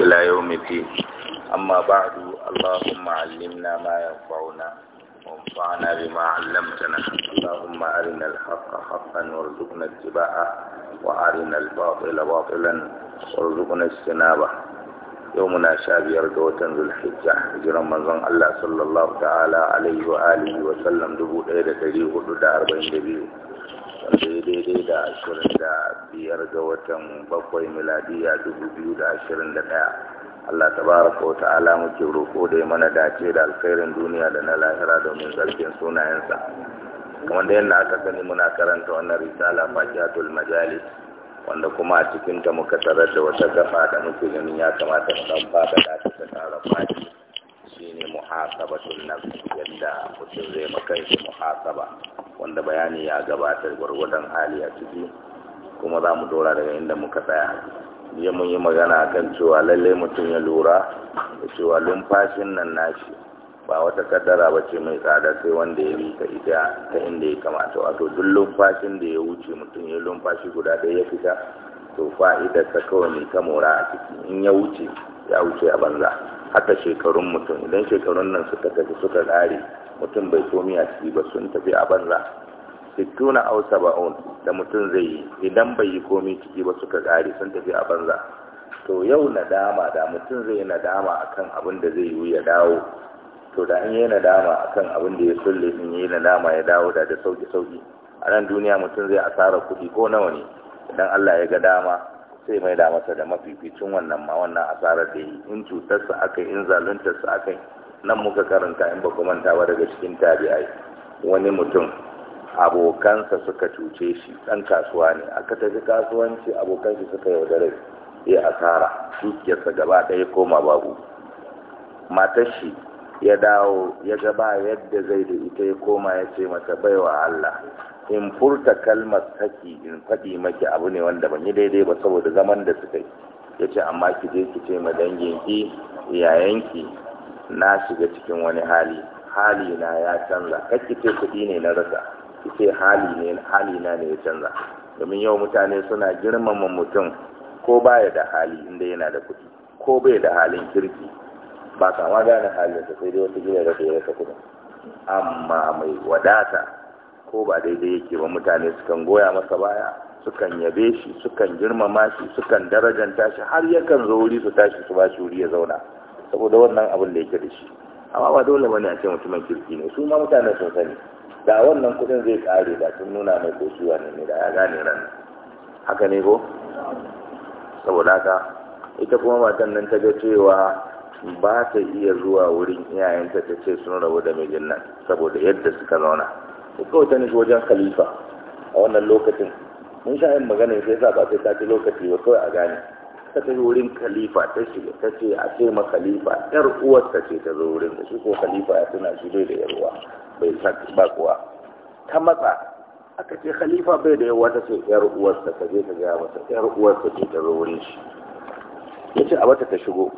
إلى يوم الدين أما بعد اللهم علمنا ما ينفعنا وانفعنا بما علمتنا اللهم أرنا الحق حقا وارزقنا اتباعه وأرنا الباطل باطلا وارزقنا اجتنابه يومنا شابير دوتن ذو الحجة جرم منظم الله صلى الله تعالى عليه وآله وسلم دبو إيدة تجيه ودار بين دبيه daidai da ashirin da biyar ga watan bakwai miladiya dubu biyu da ashirin da ɗaya Allah tabaraka wa ta'ala muke roƙo da ya mana dace da alkhairin duniya da na lahira domin zargin sunayensa kamar da yadda aka sani muna karanta wannan risala fakiyatul majalis wanda kuma a cikinta muka tarar da wata gaba da muke ganin ya kamata mu ɗan fada da ta tara fadi shine muhasabatul nafs yadda mutum zai shi muhasaba wanda bayani ya gabatar gwargwadon hali a ciki kuma za mu dora daga inda muka tsaya ya mun yi magana kan cewa lalle mutum ya lura da cewa lumfashin nan nashi ba wata kaddara ba ce mai tsada sai wanda ya rika ita ta inda ya kamata wato duk lumfashin da ya wuce mutum ya lumfashi guda ɗaya ya fita to fa'idar ta kawai ta mora a ciki in ya wuce ya wuce a banza haka shekarun mutum idan shekarun nan suka tafi suka ƙare mutum bai so miya ciki ba sun tafi a banza sittuna aw saba'un da mutum zai yi idan bai yi komai ciki ba suka kare sun tafi a banza to yau nadama da mutum zai yi nadama akan abin da zai yi ya dawo to da an yi nadama akan abin da ya sulle in yi nadama ya dawo da da sauki sauki a nan duniya mutum zai asara kuɗi ko nawa ne idan Allah ya ga dama sai mai da masa da mafificin wannan ma wannan asarar da yi in cutarsa akai in zaluntarsa akai nan muka karanta in ba ku manta ba daga cikin tabi'ai wani mutum abokansa suka cuce shi ɗan kasuwa ne aka tafi kasuwanci abokansa suka yaudare ya asara dukiyarsa gaba ɗaya koma babu matar shi ya dawo ya gaba yadda zai da ita ya koma ya ce mata baiwa Allah in furta kalmar saki in faɗi maki abu ne wanda ban yi daidai ba saboda zaman da suka yi ya ce amma ki je ki ce ma danginki yayanki na shiga cikin wani hali hali na ya canza kake ce kuɗi ne na rasa ce hali ne hali na ne ya canza domin yau mutane suna girmama mutum ko baya da hali inda yana da kuɗi ko bai da halin kirki ba kama gane halin sai dai wata gina da ya rasa kuɗin amma mai wadata ko ba daidai yake ba mutane sukan goya masa baya sukan yabe shi sukan girmama shi sukan darajanta shi har yakan zo wuri su tashi su ba shi wuri ya zauna saboda wannan abin da yake da shi amma ba dole bane a ce mutumin kirki ne su ma mutane sun sani da wannan kudin zai kare da sun nuna mai ko shi ne da ya gane ran haka ne ko saboda haka ita kuma matan nan ta ga cewa ba ta iya zuwa wurin iyayenta ta ce sun rabu da mijin nan saboda yadda suka zauna ko kawai ta nufi wajen khalifa a wannan lokacin mun sha yin maganin sai sa ba sai ta ci lokaci ba kawai a gane ta ta wurin khalifa ta shiga ta ce a ce ma khalifa yar uwar ta ce ta zo wurin da shi ko khalifa ya tuna shi bai da yar uwa bai san ba kuwa ta matsa aka ce khalifa bai da yawa ta ce yar uwar ta ta je ta ga masa yar uwar ta ce ta zo wurin shi ce a bata ta shigo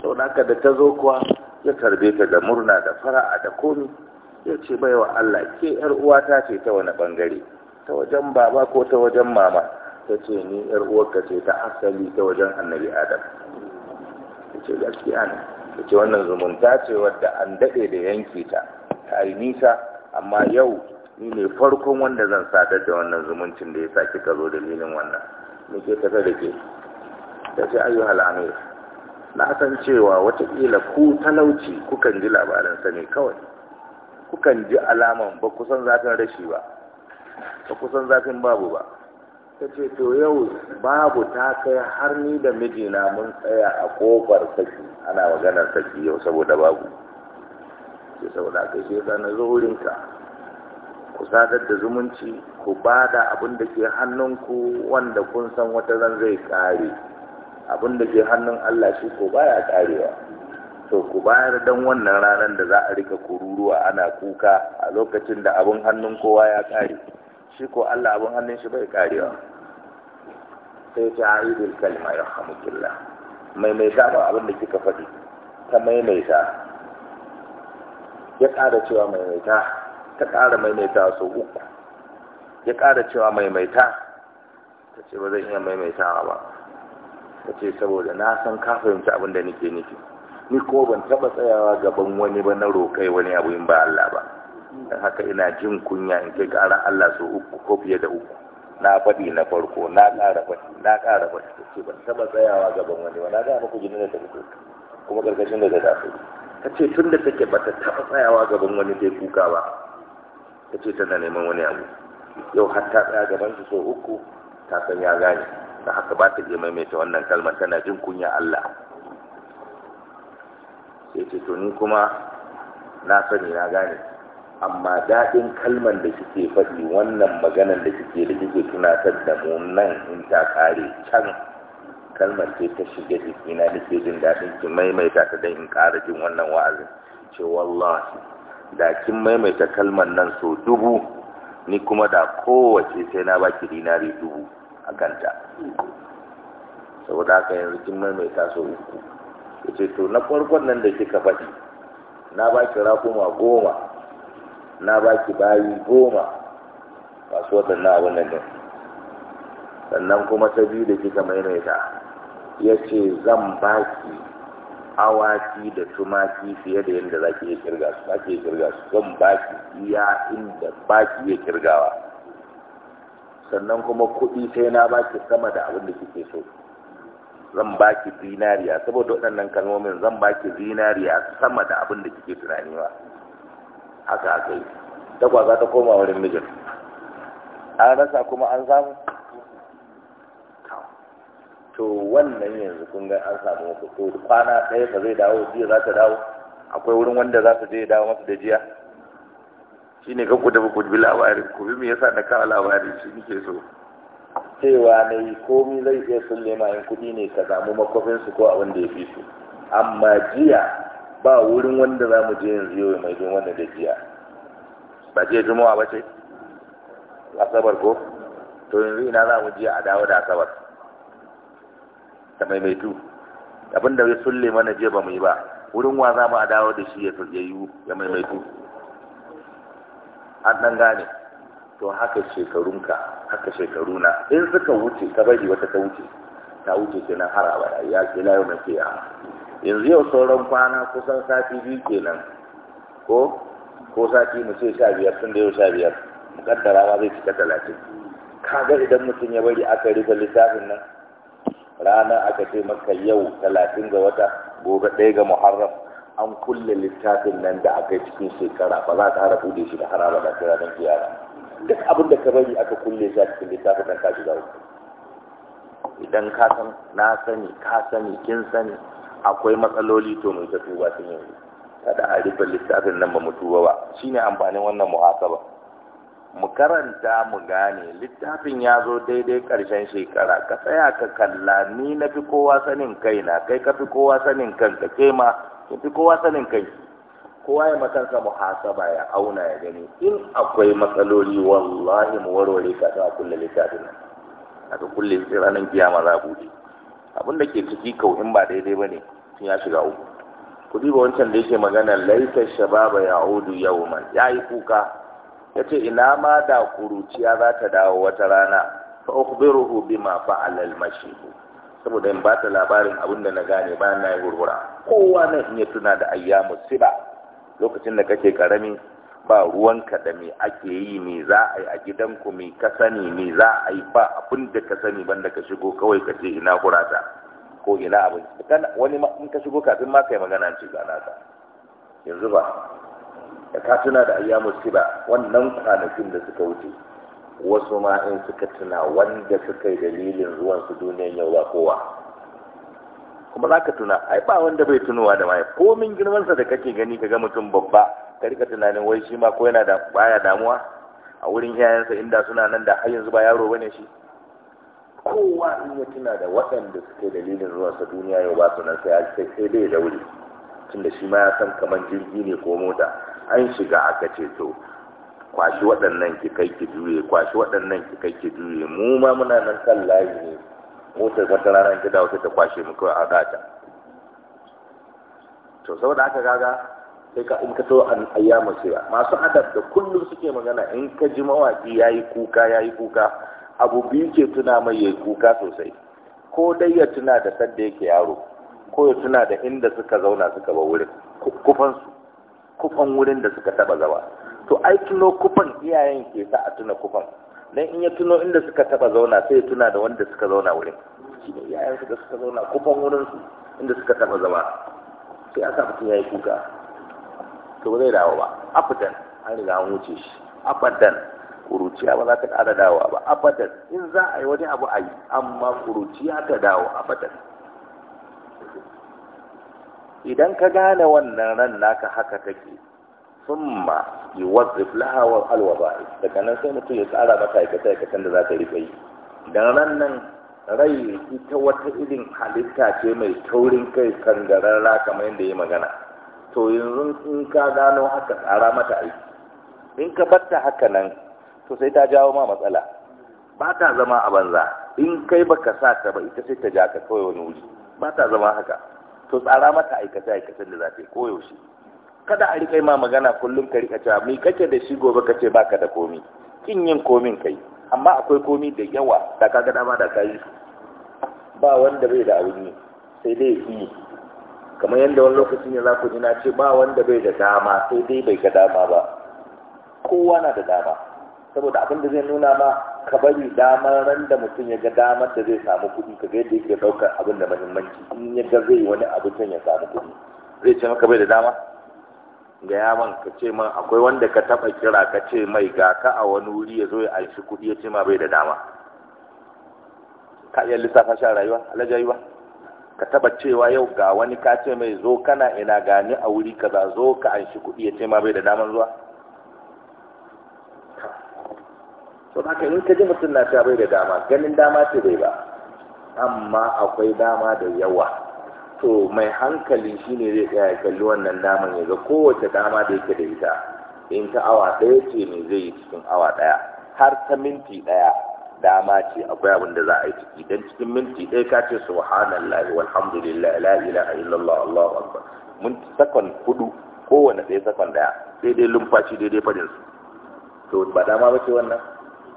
sau da ka da ta zo kuwa ya tarbe ta da murna da fara'a da komi ya ce bai wa Allah ke yar ta ce ta wani bangare ta wajen baba ko ta wajen mama ta ce ni yar uwarka ce ta asali ta wajen annabi adam ta ce gaskiya ne ta ce wannan zumunta ce wadda an daɗe da yanke ta ta yi nisa amma yau ni ne farkon wanda zan sadar da wannan zumuncin da ya sa kika zo dalilin wannan ni ke tafe da ke ta ce ayu halamir na san cewa watakila ku talauci kukan ji sa ne kawai kukan ji alaman ba kusan zafin rashi ba ba kusan zafin babu ba ta ce to yau babu ta kai har ni da mijina mun tsaya a kofar saki ana maganar saki yau saboda babu Ya saboda kai shi yasa na zuhurinka ku sadar da zumunci ku ba da abin da ke hannunku wanda kun san wata ran zai kare abin da ke hannun Allah shi ko baya karewa to ku bayar dan wannan ranar da za a rika kururuwa ana kuka a lokacin da abin hannun kowa ya kare shi ko Allah abin hannun shi bai karewa sai ta aidul kalma ya hamdulillah maimaita ba abin da kika faɗi ta maimaita ya ƙara cewa maimaita ta ƙara maimaita sau uku ya ƙara cewa maimaita ta ce ba zan iya maimaitawa ba ta ce saboda na san ka fahimci abin da nake nufi ni ko ban taɓa tsayawa gaban wani ba na roƙai wani abu in ba Allah ba don haka ina jin kunya in kai ƙara Allah so uku ko fiye da uku na faɗi na farko na ƙara faɗi na ƙara faɗi ta ce ban taɓa tsayawa gaban wani ba na ga muku jini da ta fito kuma ƙarƙashin da ta tafi ta ce tun da take ba ta taɓa tsayawa gaban wani dai kuka ba ta ce tana neman wani abu yau har ta tsaya gaban su so uku ta san ya gane da haka ba ta je maimaita wannan kalmar tana jin kunya Allah sai ce to ni kuma na sani na gane amma daɗin kalman da kike faɗi wannan maganar da kike da suke tunatar da mu nan in ta kare can kalmar ce ta shiga jikina da ke jin daɗin ki maimaita ta don in ƙara jin wannan wa'azin ce wallahi da kin maimaita kalmar nan so dubu ni kuma da kowace sai na baki dinari dubu a kanta saboda haka yanzu kin maimaita so uku ya ce to na farkon nan da kika faɗi na baki rakuma goma na ba ki bayi goma masu waɗannan abin nan sannan kuma ta biyu da kika maimaita ya ce zan ba ki awaki da tumaki fiye da yadda za ki iya kirga su za ki iya kirga su zan ki iya inda ba ki iya kirgawa sannan kuma kuɗi sai na ba ki sama da abin da kike so zan ba ki zinariya saboda waɗannan kalmomin zan ba ki zinariya sama da abin da kike tunani ba haka aka yi takwaza ta koma wurin mijin an rasa kuma an samu to wannan yanzu kun ga an samu wasu to kwana ɗaya ka zai dawo jiya za ta dawo akwai wurin wanda za su je dawo masu da jiya shi ne kan ku tafi ku bi labarin ku bi me yasa na kawo labarin shi nike so cewa na yi komi zai iya sun nema in kuɗi ne ka samu makofinsu ko abin da ya fi su amma jiya ba wurin wanda za mu je yanzu yau mai jin wannan gajiya ba je juma'a ba ce asabar ko to yanzu ina za mu je a dawo da asabar ta maimaitu abin da ya sulle mana je ba mu yi ba wurin wa za mu a dawo da shi ya yi ya maimaitu an ɗan gane to haka shekarunka haka shekaruna in suka wuce ka bari wata ta wuce ta wuce kenan har abada ya ke yau mai ke yanzu yau sauran kwana kusan sati biyu kenan ko ko sati mu ce sha biyar tun da yau sha biyar mukaddara ma zai cika talatin kaga idan mutum ya bari aka rufe littafin nan rana aka ce maka yau talatin ga wata gobe ɗaya ga muharram an kulle littafin nan da aka yi cikin shekara ba za ta harafu da shi da haraba da don kiyara duk abin da ka bari aka kulle shi a cikin littafin nan ka shiga uku idan ka san na sani ka sani kin sani akwai matsaloli to mai ta tuba sun yanzu kada a rufe littafin nan ba mu tuba ba shine amfanin wannan muhasaba mu karanta mu gane littafin ya zo daidai karshen shekara ka tsaya ka kalla ni na fi kowa sanin kaina kai ka fi kowa sanin kanka ke ma ka fi kowa sanin kai kowa ya matansa muhasaba ya auna ya gani in akwai matsaloli wallahi mu warware ka ta kulle littafin nan a kulle ranar kiyama za buɗe abin da ke ciki kau in ba daidai ba ne tun ya shiga uku kudi ba wancan da yake magana laita shababa ya hudu yau man ya yi kuka ya ce ina ma da kuruciya za ta dawo wata rana fa ukhbiruhu bima fa'ala al saboda in ba ta labarin abin da na gane bayan na yi hurhura kowa na iya tuna da ayyamu siba lokacin da kake karami ba ruwanka da me ake yi me za a yi a gidanku me ka sani me za a yi ba abin da ka sani banda ka shigo kawai ka ce ina kurata ko ina abin wani in ka shigo kafin ma kai magana ce ga naka yanzu ba da ka tuna da ayyamu siba wannan kwanakin da suka wuce wasu ma in suka tuna wanda suka yi dalilin ruwan su duniyan yau ba kowa kuma za ka tuna ai ba wanda bai tunowa da ma komin girmansa da kake gani ka ga mutum babba ka rika tunanin wai shi ma ko yana da baya damuwa a wurin iyayensa inda suna nan da har yanzu ba yaro bane shi kowa in ya tuna da waɗanda suke dalilin ruwansa duniya yau ba su nan sai sai sai dai da wuri tunda shi ma ya san kamar jirgi ne ko mota an shiga aka ce to kwashi waɗannan ki kai ki juye kwashi waɗannan ki kai ki juye mu ma muna nan kan layi ne motar wata rana ki dawo ta kwashe mu kawai a gata to saboda aka gaga sai ka in ka so an ayyama sira masu adab da kullum suke magana in ka ji mawaki yayi kuka yayi kuka abu biyu ke tuna mai yayi kuka sosai ko dai ya tuna da sadda yake yaro ko ya tuna da inda suka zauna suka ba wurin kufan su kufan wurin da suka taba zama to ai tuno kufan iyayen ke sa a tuna kufan dan in ya tuno inda suka taba zauna sai ya tuna da wanda suka zauna wurin shi ne iyayen su da suka zauna kufan wurin su inda suka taba zama sai aka fito yayi kuka to ba zai dawo ba abadan an riga an wuce shi abadan kuruciya ba za ta ƙara dawowa ba abadan in za a yi wani abu a yi amma kuruciya ta dawo abadan idan ka gane wannan ran naka haka take summa yuwazzif laha wal alwaba'i daga nan sai mutum ya tsara mata aikata aikatan da za ta rika yi dan ran nan rai ita wata irin halitta ce mai taurin kai garara kamar yadda ya magana to yanzu in ka gano haka tsara mata aiki in ka batta haka nan to sai ta jawo ma matsala ba ta zama a banza in kai baka sa ta ba ita sai ta ja ka kawai wani wuri ba ta zama haka to tsara mata aikace aikacen da za ta yi koyaushe kada a riƙa ma magana kullum ka riƙa cewa mai kake da shi gobe ka ce baka da komi kin yin komin kai amma akwai komi da yawa da ka ga dama da ka ba wanda bai da abin yi sai dai yi kamar yadda wani lokacin ya zaku ina na ce ba wanda bai da dama sai dai bai ga dama ba kowa na da dama saboda abin da zai nuna ma ka bari damar ran da mutum ya ga damar da zai samu kuɗi ka ga yadda yake ɗaukar abin da mahimmanci in ya ga zai wani abu can ya samu kuɗi zai ce maka bai da dama ga yaman ka ce man akwai wanda ka taɓa kira ka ce mai ga ka a wani wuri ya zo ya aishi kuɗi ya ce ma bai da dama ka iya lissafa shan rayuwa alajayi ba ka taba cewa yau ga wani ka ce mai zo kana ina gani a wuri ka kaza zo ka an shi kuɗi ya ce ma bai da daman zuwa to haka in ka ji mutum na ta bai da dama ganin dama ce bai ba amma akwai dama da yawa to mai hankali shine zai tsaya kalli wannan daman ya kowace dama da yake da ita in ta awa ɗaya ce me zai yi cikin awa ɗaya har ta minti ɗaya dama ce akwai abin da za a yi ciki dan cikin minti ɗaya ka ce subhanallahi walhamdulillah la ilaha illallah allahu akbar mun sakon hudu kowane ɗaya sakon daya sai dai lumfashi daidai fadin su to ba dama ba ce wannan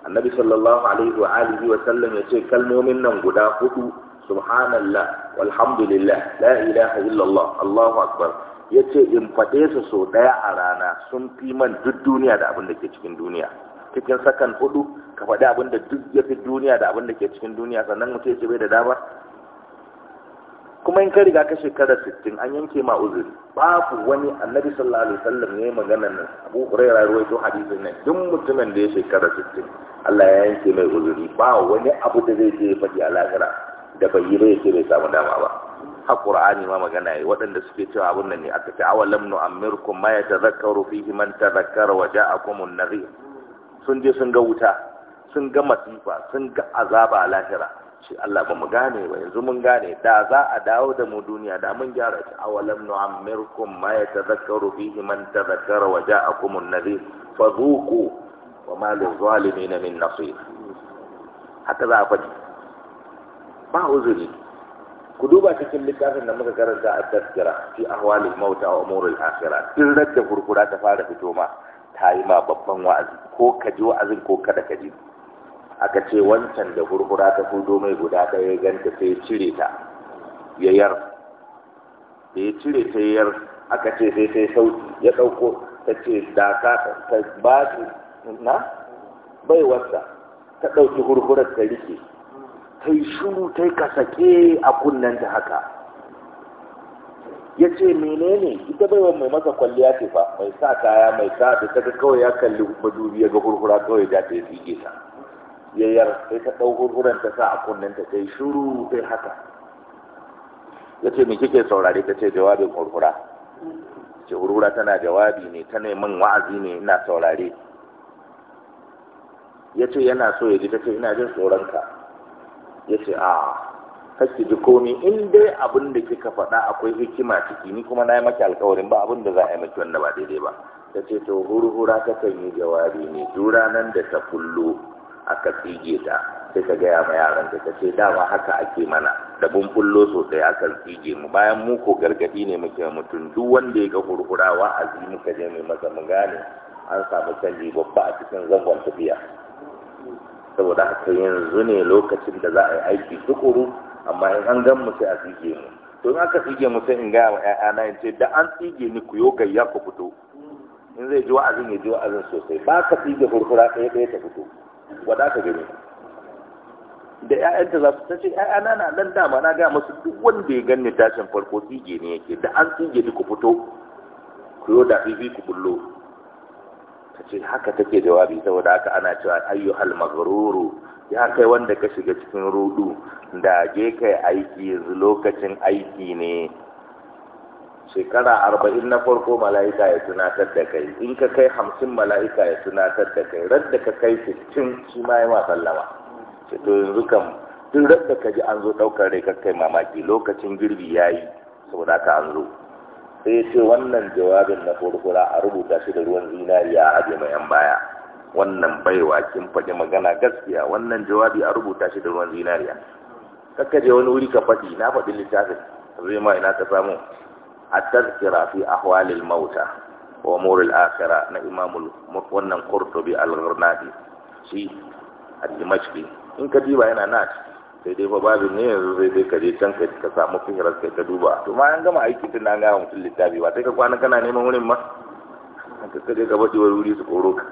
annabi sallallahu alaihi wa alihi wa sallam ya ce kalmomin nan guda hudu subhanallah walhamdulillah la ilaha illallah allahu akbar ya ce in faɗe su sau ɗaya a rana sun fi man duk duniya da abin da ke cikin duniya cikin sakan hudu ka faɗi abin da duk ya fi duniya da abin da ke cikin duniya sannan mutum ce bai da dama kuma in ka riga ka shekara sittin an yanke ma uzuri babu wani annabi sallallahu alaihi wasallam ne magana nan abu hurairah to hadisin ne? duk mutumin da ya shekara sittin Allah ya yanke mai uzuri ba wani abu da zai je faɗi a lahira da bai yi ba yake bai samu dama ba a qur'ani ma magana yi waɗanda suke cewa abun nan ne a ce awalam nu amirkum ma yatazakkaru fihi man tazakkara wa ja'akumun nadhir sun je sun ga wuta sun ga masifa sun ga azaba a lahira shi Allah ba mu gane ba yanzu mun gane da za a dawo da mu duniya da mun gyara ta awalam nu'ammirkum ma yatadhakkaru fihi man tadhakkara wa ja'akum an nabi fadhuku wa ma lil-zalimin min nasir haka za a faɗi ba uzuri ku duba cikin littafin da muka karanta a tazkira fi ahwalil mauta wa umuril akhirah din da furfura ta fara fito ma ta yi ma babban wa'azi ko ka ji wa'azin ko kada ka ji aka ce wancan da hurhura ta hudo mai guda ɗaya ganta sai yi cire ta ya yar da ya cire ta yar aka ce sai sai sauti ya ɗauko ta ce da ka ta ba na bai wasa ta ɗauki hurhurar ta rike ta yi shuru ta yi kasake a kunnen ta haka ya ce menene ita bai wa mai masa kwalliya ce fa mai sa kaya mai sa da ta ga kawai ya kalli madubi ya ga hurhura kawai da ta yi tsige ta yar sai ta ɗau hurhuran ta sa a kunnen ta sai shuru sai haka ya ce me kike saurare ta ce jawabin hurhura ce hurhura tana jawabi ne ta neman wa'azi ne ina saurare ya ce yana so ya ji ta ce ina jin tsoronka ya ce a kake ji komi in dai abin da kika faɗa akwai hikima ciki ni kuma na yi maki alkawarin ba abin da za a yi maki wanda ba daidai ba ta ce to hurhura ta kan yi jawabi ne dura nan da ta kullo aka tsige ta sai ka gaya ma yaran ta ta ce dama haka ake mana da bun kullo sosai aka tsige mu bayan mu ko gargadi ne muke mutum duk wanda ya ga wa a muka je mai masa mu gane an samu canji babba a cikin zangon tafiya saboda haka yanzu ne lokacin da za a yi aiki tukuru amma in an gan mu sai a tsige mu to in aka tsige mu sai in gaya wa ƴaƴana in ce da an tsige ni ku yo gayya ku fito in zai ji wa'azin ya ji wa'azin sosai ba ka tsige furfura ɗaya ɗaya ta fito wada ka gani da ƴaƴanta za su tace ƴaƴana na nan dama na gaya musu duk wanda ya ganni tashin farko tsige ne yake da an tsige ni ku fito ku yo da bibi ku bullo ta ce haka take jawabi saboda haka ana cewa ayyuhal maghruru ya kai wanda ka shiga cikin rudu da je kai aiki yanzu lokacin aiki ne shekara arba'in na farko mala'ika ya tunatar da kai in ka kai hamsin mala'ika ya tunatar da kai da ka kai sittin shi ma yi ma ce to yanzu kam tun da ka ji an zo ɗaukar rai ka kai mamaki lokacin girbi ya yi saboda ka an zo sai ce wannan jawabin na farko a rubuta shi da ruwan zinariya a ajiye mai yan baya wannan baiwa kin faɗi magana gaskiya wannan jawabi a rubuta shi da ruwan zinariya kakka je wani wuri ka faɗi na faɗi littafin zai ma ina ka samu a tazkira fi ahwalil mauta wa umuril akhira na imamul wannan qurtubi al-ghurnadi shi al-dimashqi in ka diba yana na sai dai fa babin ne yanzu zai dai ka je can ka samu fihirar kai ka duba to ma an gama aiki din na ga mutum littafi ba sai ka kwana kana neman wurin ma ka kaje ka baɗi wani wuri su koro ka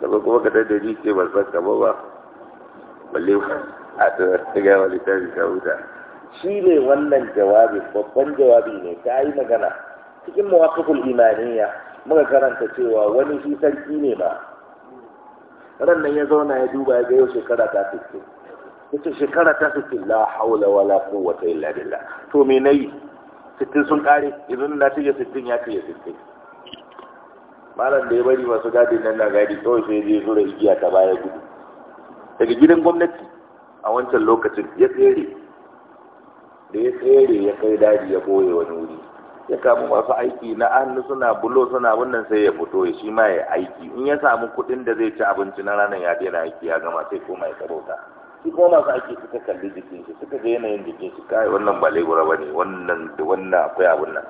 kaba kuma ka tada ce ba san kama ba balle a ta wa littafi ta huta shi ne wannan jawabin babban jawabi ne ta yi magana cikin mawakafin imaniya muka karanta cewa wani shi sarki ne ba Ranar ya zauna ya duba ya ga yau shekara ta fiske yace shekara ta fiske la haula wala quwwata illa billah to me nayi 60 sun kare Idan na tije 60 ya ce 60 malam da ya bari masu gadin nan na gadi kawai sai zai zura igiya ta baya gudu daga gidan gwamnati a wancan lokacin ya tsere da ya tsere ya kai daji ya boye wani wuri ya kamu masu aiki na hannu suna bulo suna wannan sai ya fito ya shi ma ya aiki in ya samu kuɗin da zai ci abinci na ranar ya daina aiki ya gama sai koma ya sarauta shi kuma masu aiki suka kalli jikin shi suka ga yanayin jikin shi kai wannan ba lebura ba ne wannan da wannan akwai abin nan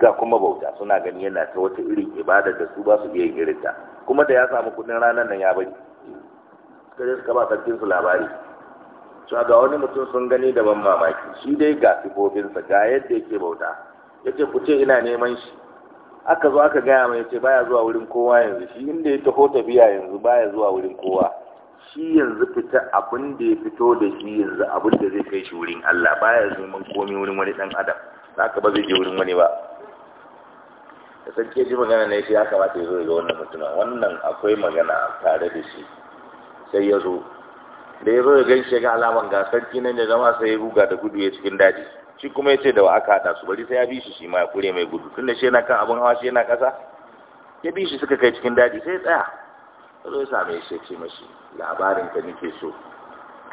ga kuma bauta suna gani yana ta wata irin ibada da su ba su iya ta, kuma da ya samu kudin ranar nan ya bari sai suka ba sarkin su labari to ga wani mutum sun gani da ban mamaki shi dai ga sa ga yadda yake bauta yace ku ce ina neman shi aka zo aka gaya mai yace baya zuwa wurin kowa yanzu shi inda ya taho tafiya yanzu baya zuwa wurin kowa shi yanzu fita abin da ya fito da shi yanzu abin da zai kai shi wurin Allah baya neman komai wurin wani dan adam haka ba zai je wurin wani ba da sarki ji magana ne shi ya kamata ya zo ya ga wannan mutuna wannan akwai magana tare da shi sai ya zo da ya zo ya gan shi ga alaman ga sarki nan ya zama sai ya buga da gudu ya cikin daji shi kuma ya ce da wa aka haɗa su bari sai ya bi shi shi ma ya kure mai gudu tunda shi yana kan abin hawa shi yana ƙasa ya bi shi suka kai cikin daji sai ya tsaya ya zo ya same shi ya ce mashi labarin ka nake so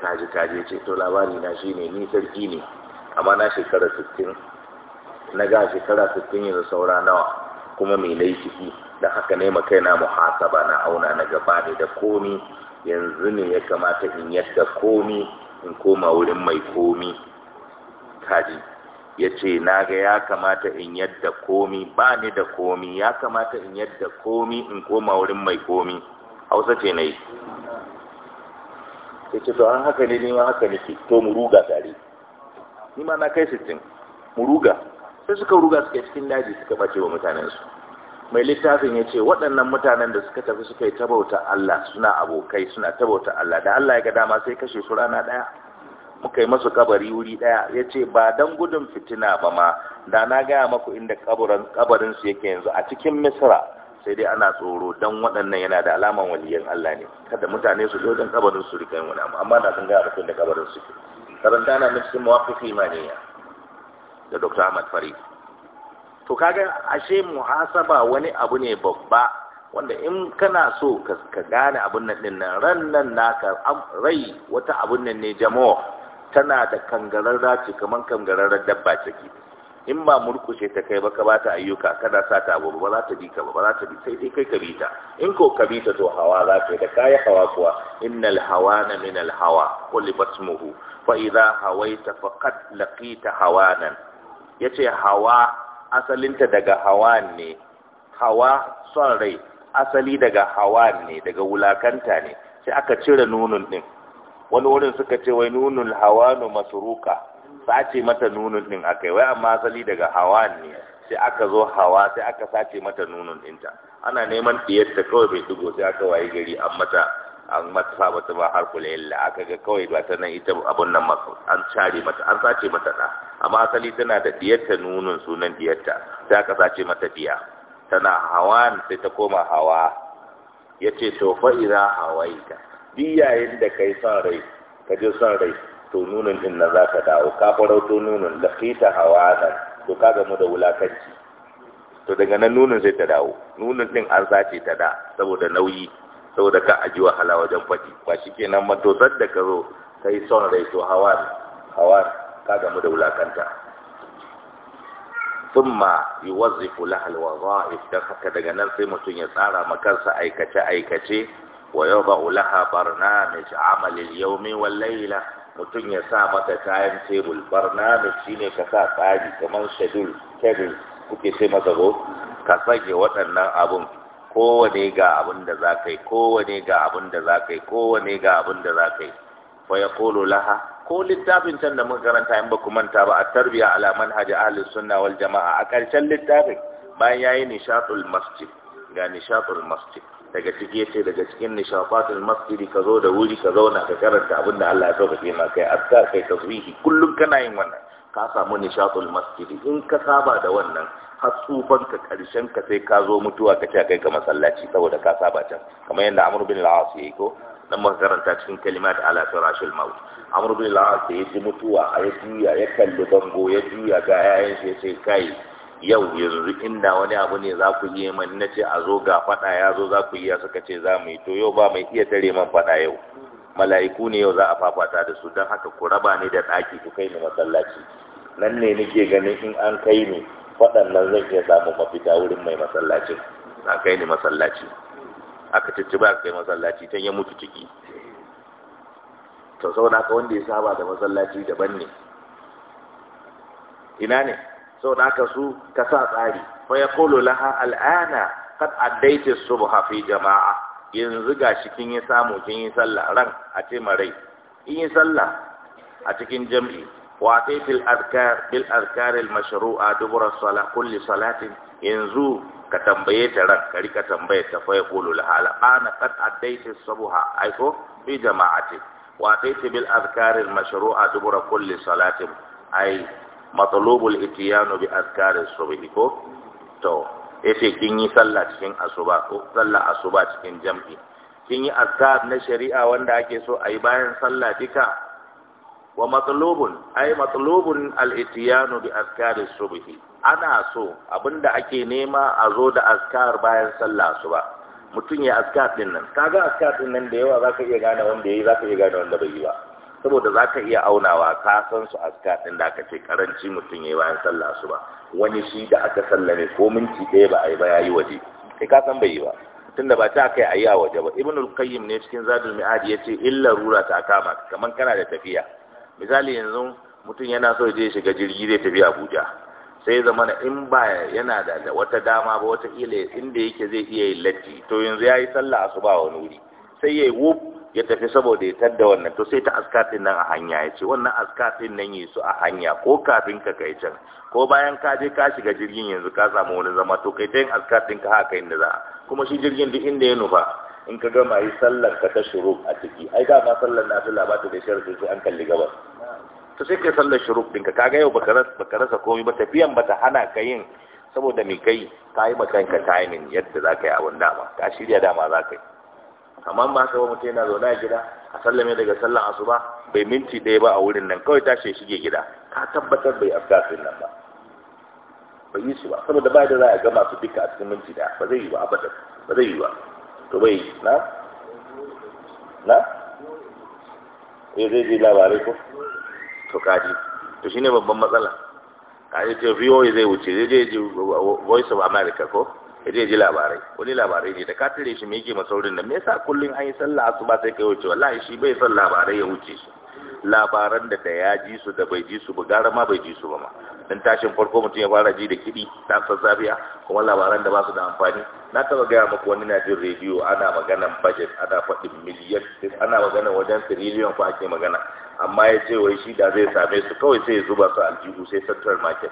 kaji kaji ya ce to labari na shi ne ni sarki ne amma na shekara sittin na ga shekara sittin yanzu saura nawa kuma mai laifi da haka ne ma kaina muhasaba na auna na gaba ne da komi yanzu ne ya kamata in yadda komi in koma wurin mai komi kaji ya ce na ga ya kamata in yadda komi ba ni da komi ya kamata in yadda komi in koma wurin mai komi hausa ce na yi ya ce to an haka ne ne haka nake to mu ruga tare ni ma na kai sittin mu ruga sai suka ruga suka cikin daji suka bace wa mutanensu mai littafin ya ce waɗannan mutanen da suka tafi suka yi tabauta Allah suna abokai suna tabauta Allah da Allah ya ga dama sai kashe su rana ɗaya muka yi masu kabari wuri ɗaya ya ce ba don gudun fitina ba ma da na gaya maku inda kabarinsu yake yanzu a cikin misra sai dai ana tsoro don waɗannan yana da alaman waliyan Allah ne kada mutane su zo don kabarinsu yin wani amma na sun gaya maku inda kabarinsu ke karanta na cikin mawaƙi maniya. da dr ahmad farid to kaga ashe muhasaba wani abu ne babba wanda in kana so ka gane abun nan din nan ran nan naka rai wata abun nan ne jama'a tana da kangararra ce kamar kangararrar dabba take in ba murkushe ta kai ba ka ba ta ayyuka kada sa ta abu ba za ta bi ka ba za ta bi sai dai kai ka bi ta in ko ka bi ta to hawa za ta da kayi hawa kuwa innal hawana min al hawa kulli basmuhu fa idha hawaita faqad laqita hawanan ya ce hawa asalinta daga hawa ne hawa son rai asali daga hawa ne daga wulakanta ne sai aka cire nunun din wani wurin suka ce wai nunul hawanu Masuruka? sace mata nunun din akai wai amma asali daga hawa ne sai aka zo hawa sai aka sace mata nunun dinta ana neman ɗiyar ta kawai bai dugo sai aka waye gari an mata an mata sa mata ba har kula illa aka ga kawai ba ta nan ita abun nan masu an share mata an sace mata da amma asali tana da diyarta nunun sunan diyarta ta ka sace mata diya tana hawan sai ta koma hawa yace to fa ira hawaita diyayen da kai sa rai ka je sa rai to nunun din nan ka dawo ka farauto nunun da fita da to ka gamu da wulakanci to daga nan nunin sai ta dawo nunin din an sace ta da saboda nauyi saboda ka aji wahala wajen faɗi ba shi kenan matosar da ka zo ka yi son rai to hawan hawan ka gamu da wulakanta thumma yuwazzifu lahal wadha'if dan haka daga nan sai mutum ya tsara ma kansa aikace aikace wa yadha'u laha barnamij amali al-yawmi wal mutum ya sa mata time table barnamij shine ka sa tsari kamar schedule kebul kuke sai masa ka sanya waɗannan abun kowane ga abin da za ka yi kowane ga abin da za ka yi kowane ga abin da za ka yi fa kolo laha ko littafin can da muka karanta in ba ku manta ba a tarbiya ala manhaji ahli sunna wal jama'a a karshen littafin bayan yayi nishatul masjid ga nishatul masjid daga ciki yace daga cikin nishafatul masjid ka zo da wuri ka zauna ka karanta abin da Allah ya sauke maka kai azkar kai tasbihi kullum kana yin wannan ka samu nishatul masjid in ka saba da wannan har tsufan ka karshen ka sai ka zo mutuwa ka ce kai ka masallaci saboda ka saba can kamar yadda amru bin al yayi ko dan karanta cikin kalimat ala firashil maut amru bin al ya ji mutuwa a juya ya kalli bango ya juya ga yayin shi sai kai yau yanzu inda wani abu ne za ku yi man na ce a zo ga fada ya zo za ku yi ya suka ce za mu yi to yau ba mai iya tare man fada yau mala'iku ne yau za a fafata da su don haka ku raba ni da ɗaki ku kai ni masallaci nan ne nake ganin in an kai ni waɗannan zan iya samun mafita wurin mai masallacin na kai ni masallaci aka cicci ba kai masallaci can ya mutu ciki to sau da wanda ya saba da masallaci daban ne ina ne sau da aka su ka sa tsari fa ya kolo laha al'ana kad addaita subha fi jama'a yanzu ga shi kin yi samu kin yi sallah ran a ce marai in yi sallah a cikin jam'i وأتي في الأذكار بالأذكار المشروعة دبر الصلاة كل صلاة ينزو كتنبيت رك كريك تنبيت فيقول لها الآن قد أديت الصبح أيكو في جماعة وأتيت بالأذكار المشروعة دبر كل صلاة أي مطلوب الإتيان بأذكار الصبح كو تو yace kin yi sallah cikin asuba ko sallah asuba cikin jam'i kin yi azkar na shari'a wanda ake so ayi bayan sallah duka wa matsalobin ai matsalobin al'itiyanu bi askari subhi ana so abinda ake nema a zo da askar bayan sallah su ba mutum ya askar din nan kaga askar din nan da yawa za ka iya gane wanda ya yi za ka iya gane wanda bai yi ba saboda za ka iya aunawa ka san su askar din da aka ce karanci mutum ya yi bayan sallah su ba wani shi da aka sallame ko minti ɗaya ba a ba ya yi waje kai ka san bai yi ba tunda ba ta kai a yi a waje ba ibnul qayyim ne cikin zadul mi'ad yace illa rura ta kama kaman kana da tafiya misali yanzu mutum yana so je shiga jirgi zai tafi abuja sai zama na in ba yana da wata dama ba wata ila inda yake zai iya yin latti to yanzu ya yi sallah su ba wani wuri sai ya yi wuf ya tafi saboda ya tadda wannan to sai ta askatin nan a hanya ya ce wannan askatin nan yi su a hanya ko kafin ka kai can ko bayan ka je ka shiga jirgin yanzu ka samu wani zama to kai ta yin askatin ka haka inda za kuma shi jirgin duk inda ya nufa in ka gama yi sallar ka ta shuru a ciki ai da ma sallar na ba ta da shirin sai an kalli gabas to sai kai sallar shuru din ka kaga yau baka rasa baka rasa komai ba tafiyan ta hana ka yin saboda mai kai ka yi makanka timing yadda za ka yi abin dama ka shirya dama za ka yi amma ba haka ba mutum yana zaune a gida a sallame daga sallar asuba bai minti ɗaya ba a wurin nan kawai tashi shige gida ka tabbatar bai afgasin nan ba bai yi su ba saboda ba da za a gama su duka a cikin minti ɗaya ba zai yi ba ba zai yi ba to bai na na e zai ji labarai ko to kaji to shine babban matsala kaji ce VOA zai wuce zai je ji Voice of America ko ya je ji labarai wani labarai ne da ka shi mai ke masaurin da me sa kullun an yi sallah ba sai kai wuce wallahi shi bai son labarai ya wuce shi labaran da da ya ji su da bai ji su ba gara ma bai ji su ba ma dan tashin farko mutum ya fara ji da kidi ta sassafiya kuma labaran da ba su da amfani na taba gaya muku wani na jin rediyo ana maganan budget ana faɗin miliyan ana maganan wajen trillion ko ake magana amma ya ce wai shi da zai same su kawai sai ya zuba su aljihu sai central market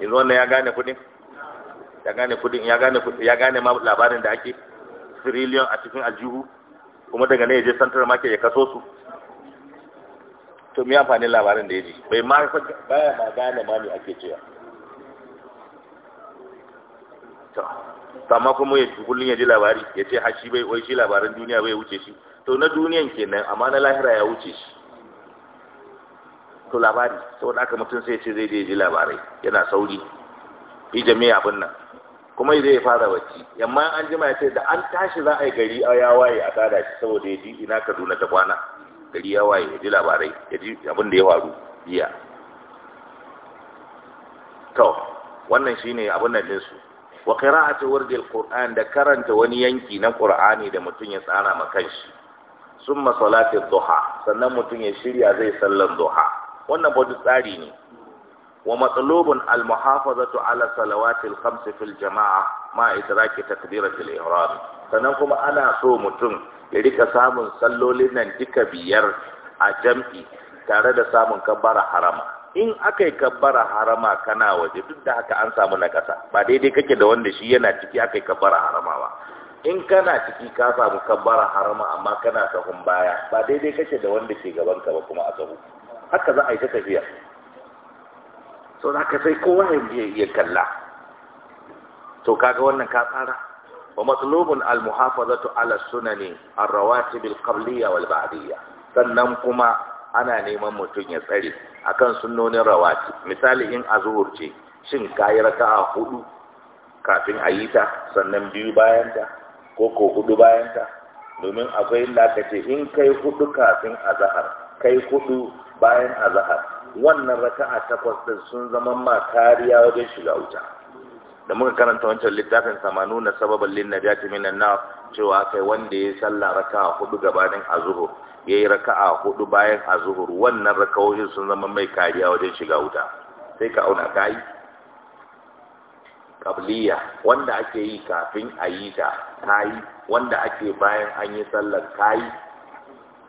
yanzu wannan ya gane kuɗin ya gane kuɗin ya gane ya gane ma labarin da ake trillion a cikin aljihu kuma daga nan ya je central market ya kaso su to mi amfanin labarin da ya ji bai ma baya ma gane ma me ake cewa to amma kuma ya kullun ya ji labari ya ce hashi shi bai wai shi labarin duniya bai wuce shi to na duniyan kenan amma na lahira ya wuce shi to labari saboda aka mutum sai ce zai je ji labarai yana sauri fi jami'a abin nan kuma zai fara bacci yamma an jima ya ce da an tashi za a yi gari a ya waye a tada shi saboda ya ji ina kaduna ta kwana gari ya waye ya ji labarai ya ji abin da ya waru biya. to wannan shine abin da din wa qira'atu wardil qur'an da karanta wani yanki na qur'ani da mutum ya tsara ma kanshi summa salati zuha. sannan mutum ya shirya zai sallan zuha. wannan ba tsari ne wa matsalobin almuhafazatu ala salawatil khamsi fil jama'a ma idraki takbiratul ihram sannan kuma ana so mutum ya rika samun sallolin nan duka biyar a jam'i tare da samun kabbara harama in aka yi kabbara harama kana waje duk da haka an samu na ƙasa ba daidai kake da wanda shi yana ciki aka yi kabbara harama ba in kana ciki ka samu kabbara harama amma kana sahun baya ba daidai kake da wanda ke gaban ka ba kuma a sahu haka za a yi ta tafiya so ka sai kowa ya iya kalla to kaga wannan ka tsara wa matlubun al-muhafazatu ala sunani ar-rawatib al wal ba'diyya sannan kuma ana neman mutum ya tsare akan sunnonin rawati misali in azhur ce shin kayi raka'a hudu kafin ta sannan biyu bayan ta ko ko hudu bayan ta domin akwai inda in kai hudu kafin azhar kai hudu bayan azhar wannan raka'a takwas din sun zama ma kariya wajen shiga wuta da muka karanta wancan littafin samanu na sababan lin najati minan na cewa kai wanda ya sallah a hudu gabanin a zuhur yi raka a hudu bayan a zuhur, wannan rakawoyin sun zama mai kariya wajen shiga wuta sai ka auna ka yi. qabliya wanda ake yi kafin a yi ta yi wanda ake bayan an yi sallar yi.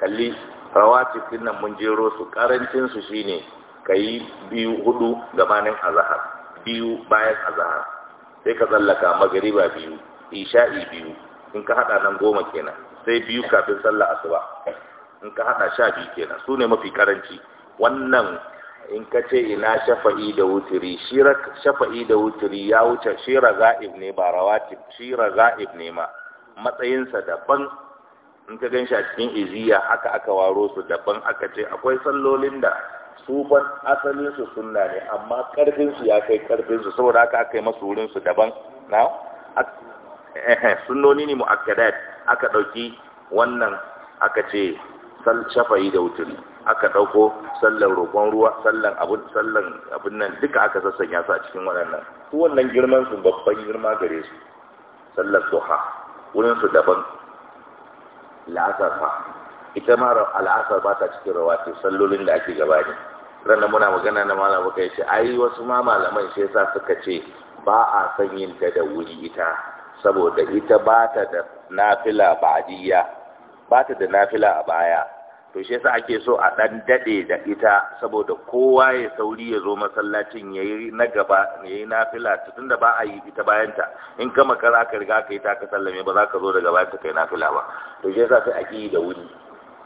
kalli rawa cikin nan mun jero su karancin su shine kai biyu hudu gabanin azhar biyu bayan azhar sai ka tsallaka magariba biyu isha'i biyu in ka hada nan goma kenan sai biyu kafin sallah asuba in ka hada sha biyu kenan su ne mafi karanci wannan in ka ce ina shafa'i da wuturi shafa'i da wuturi ya wuce shira za'ib ne ba rawatib shira za'ib ne ma matsayinsa daban in ka gan shi a cikin iziya haka aka waro su daban aka ce akwai sallolin da su ban asalin su sunna ne amma karfin su ya kai karfin su saboda aka kai masu wurin su daban na eh-, eh, sunnoni ne mu'akkadat aka dauki wannan aka ce sal shafayi da wuturi aka dauko sallan roƙon ruwa sallan abun sallan abun nan duka aka sassanya su a cikin waɗannan su wannan girman su babban girma gare su sallar duha wurin su daban la'asar fa ita ma al'asar ba ta cikin rawatin sallolin da ake gabani ranar muna magana na malam muka yace ai wasu ma malaman shi sa suka ce ba a san yin ta da wuri ita saboda ita ba ta da nafila ba'diyya ba ta da nafila a baya to shi yasa ake so a dan dade da ita saboda kowa ya sauri ya zo masallacin yayi na gaba yayi nafila tunda ba a yi ita bayan ta in ka makara ka riga ka yi ta ka sallame ba za ka zo daga bayan ta kai nafila ba to shi yasa sai a yi da wuri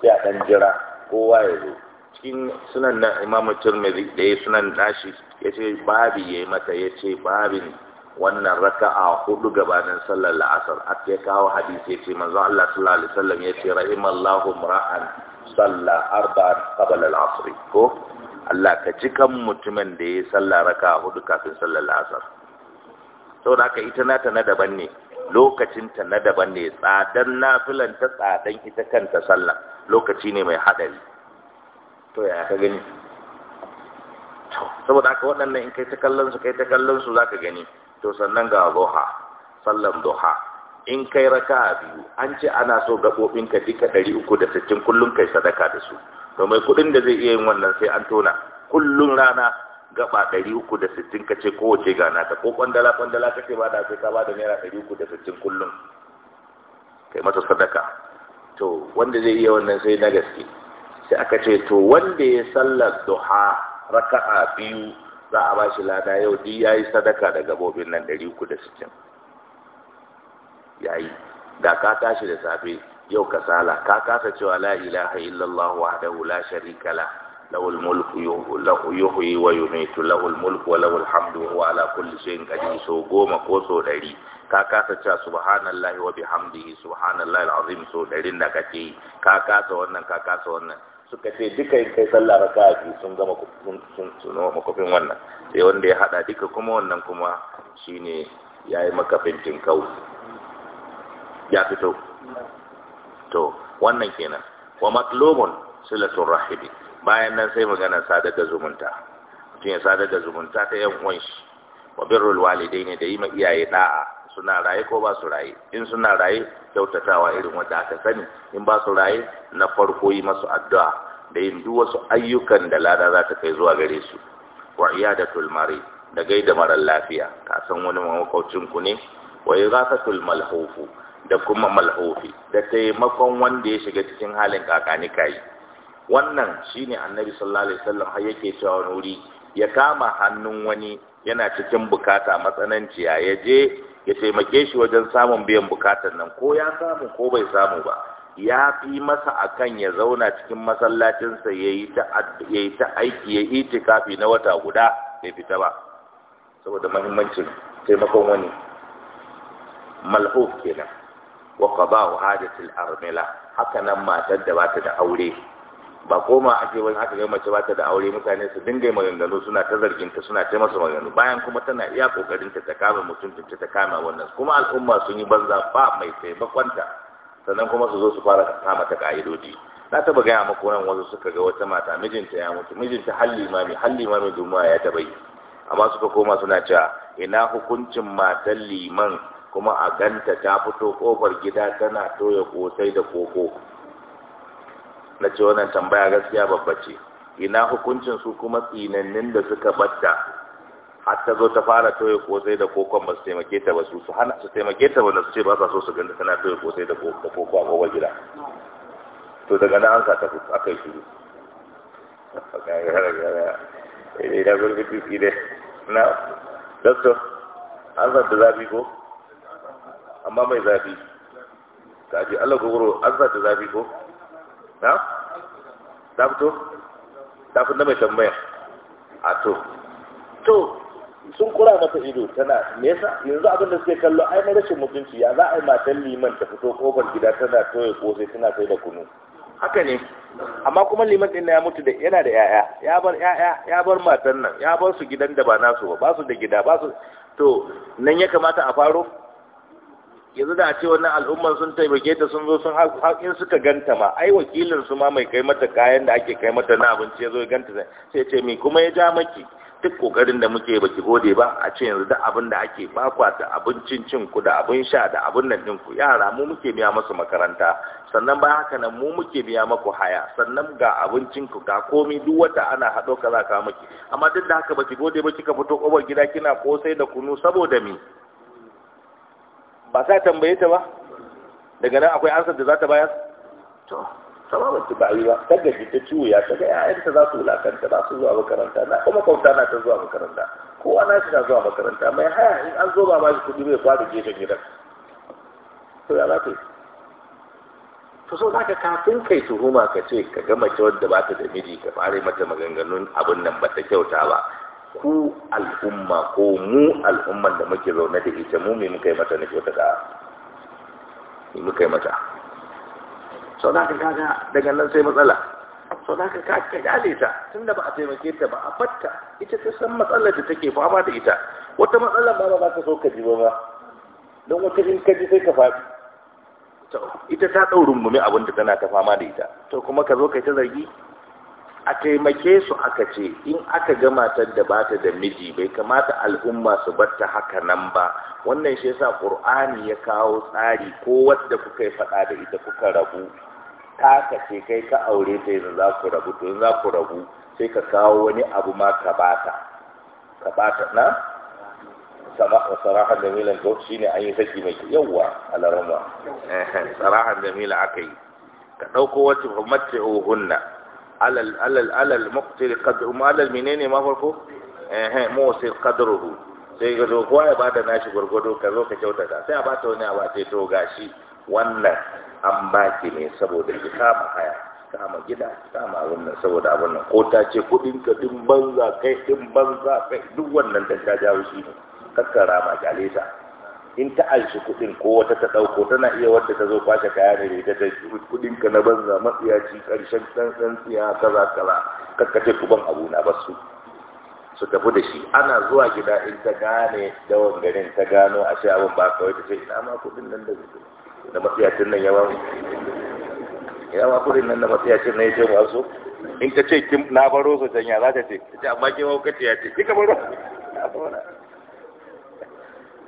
sai a dan jira kowa ya zo cikin sunan na imamu turmiri da ya sunan nashi ya ce babi ya yi mata ya ce babin wannan raka a hudu gabanin sallar la'asar a ya kawo hadisi ya ce manzon Allah sallallahu alaihi wasallam ya ce rahimallahu mura'an salla arba qabla al ko Allah ka ci kan mutumin da ya salla raka a hudu kafin sallar la'asar saboda haka ita nata na daban ne lokacin ta na daban ne tsadan nafilan ta tsadan ita kanta sallah lokaci ne mai haɗari. to ya ka gani saboda haka waɗannan in kai ta kallon su kai ta kallon su za ka gani to sannan ga duha sallan duha in kai raka biyu an ce ana so gabobin ka duka sittin kullum kai sadaka da su to mai kuɗin da zai iya yin wannan sai an tona kullum rana gaba ka ce kowace gana ta ko kwandala kwandala ce ba da sai ka ba da naira sittin kullum kai masa sadaka to wanda zai iya wannan sai na gaske sai aka ce to wanda ya sallar duha raka'a biyu za a ba shi lada yau duk ya yi sadaka da gabobin nan ɗari uku da sittin ya yi da ka tashi da safe yau kasala ka kasa cewa la ilaha illallah wahdahu la sharika la lahul mulku lahu yuhyi wa yumitu lahul mulku wa lahul hamdu wa ala kulli shay'in qadir so goma ko so ɗari ka kasa cewa subhanallahi wa bihamdihi subhanallahi alazim so ɗarin da kake ka kasa wannan ka kasa wannan suka ce duka yin kai sallah raka a biyu sun gama makofin wannan sai wanda ya hada duka kuma wannan kuma shi ne ya yi makafin tinkau ya fito to wannan kenan wa matlubun silatun rahibi bayan nan sai magana sadar da zumunta mutum ya sadar da zumunta ta yan uwan shi wa birrul walidai ne da yi ma iyaye da'a suna raye ko ba su raye in suna raye kyautatawa irin wanda aka sani in ba su raye na farko yi masu addu'a da yin duk wasu ayyukan da lada za ta kai zuwa gare su wa iyadatul mari da gaida mara lafiya ka san wani mamakaucin ku ne wa igasatul malhufu da kuma malhufi da taimakon wanda ya shiga cikin halin kakani kai wannan shine annabi sallallahu alaihi wasallam har yake cewa wani wuri ya kama hannun wani yana cikin bukata matsananciya ya je ya taimake shi wajen samun biyan bukatar nan ko ya samu ko bai samu ba ya fi masa akan ya zauna cikin masallacinsa ya yi ta aiki ya kafi na wata guda bai fita ba saboda mahimmancin taimakon wani malhuf kenan wa qada'u hajatil armila haka nan matar da bata da aure ba koma ake wani aka ga mace ba da aure mutane su dinga maganganu suna ta zargin ta suna ta masa maganganu bayan kuma tana iya kokarin ta ta kama mutuncin ta ta kama wannan kuma al'umma sun yi banza ba mai taimakonta sannan kuma su zo su fara kama ta ka'idodi na taba gaya maku nan wasu suka ga wata mata mijinta ya mutu mijinta halli mami halli mami juma'a ya taba yi amma suka koma suna cewa ina hukuncin matan liman kuma a ganta ta fito kofar gida tana toya kosai da koko na ce wannan tambaya gaskiya babba ce ina hukuncin su kuma tsinannin da suka batta har ta zo ta fara toye kosai da kokon ba su taimake ta ba su su hana su taimake ta ba su ce ba sa so su ganda tana toye kosai da koko a kowa gida to daga nan an sa ta fito akai shiru Ina da gurbi ki na doctor an sa zafi ko amma mai zafi kaji Allah gogoro an sa zafi ko na ta fito ta fito na mai tambaya a to to sun kura mata ido tana me yanzu abin da suke kallo ai na rashin mutunci ya za a yi matan liman ta fito kofar gida tana toye sai tana sai da kunu haka ne amma kuma liman din ya mutu da yana da yaya ya bar yaya ya bar matan nan ya bar su gidan da ba nasu ba ba su da gida ba su to nan ya kamata a faro yanzu da a ce wannan al'ummar sun taimake ta sun zo sun in suka ganta ma ai wakilin su ma mai kai mata kayan da ake kai mata na abinci ya zo ya ganta sai ce me kuma ya ja maki duk kokarin da muke baki gode ba a ce yanzu da abin da ake bakwa da abincin cin ku da abin sha da abin nan din ku yara mu muke biya masu makaranta sannan ba haka nan mu muke biya maku haya sannan ga abincin ku ga komai duk wata ana hado kaza ka maki amma duk da haka baki gode ba kika fito kobar gida kina kosai da kunu saboda me ba sa tambaye ta ba daga nan akwai ansar da za ta bayar to sama ba ta bayi ba ta gaji ta ciwo ya ta ga ya'yanta za su wulakanta za su zuwa makaranta na kuma kauta na ta zuwa makaranta kowa na shi na zuwa makaranta mai haya in an zo ba ba shi kudi bai fara gefen gidan to ya za ta yi to so ka kafin kai tuhuma ka ce ka ga mace wadda ba ta da miji ka fara mata maganganun abin nan ba ta kyauta ba ku al'umma ko mu al'umman da muke zaune da ita mu mai muka yi mata ne kyauta da muka yi mata so da ka kaga daga nan sai matsala so da ka kaga gale ta tun da ba a taimake ta ba a fatta ita ta san matsalar da take fama da ita wata matsalar ba ba ka so ka ji ba ba don wata in ka ji sai ka faɗi ita ta ɗaurin mu abin da tana ta fama da ita to kuma ka zo kai ta zargi a taimake su aka ce in aka ga matar da bata da miji bai kamata al'umma su batta haka nan ba wannan shi yasa qur'ani ya kawo tsari ko wanda kuka yi faɗa da ita kuka rabu ta ce kai ka aure ta yanzu za ku rabu to za ku rabu sai ka kawo wani abu ma ka bata ka bata na sarahan jamilan ko shine an yi saki mai yawa alarama sarahan jamila akai ka dauko wata mace hunna alal alal alal ma qadru um, alal menene ma farko eh mose qadruhu sai ga zo kowa ya bada nashi gurgudu ka zo ka kyautata sai a bata wani a sai to gashi wannan an baki ne saboda ki kama haya kama gida kama wannan saboda abin nan ko ta ce kudin ka din banza kai din banza kai duk wannan da ta jawo shi ne kakkara ma jalisa ta in ta anshi kuɗin ko wata ta ɗauko tana iya wadda ta zo kwace kaya ne ita ta kudin ka na banza matsiyaci ƙarshen dan dan tsiya kaza kaza kakkace kuban abu na basu su tafi da shi ana zuwa gida in ta gane yawan garin ta gano a ce abin ba kawai ta ce ina ma kuɗin nan da da matsiyacin nan yawan ina ma kuɗin nan da matsiyacin nan ya ce wasu in ta ce na baro su janya za ta ce ta ce amma ke kace ya ce kika baro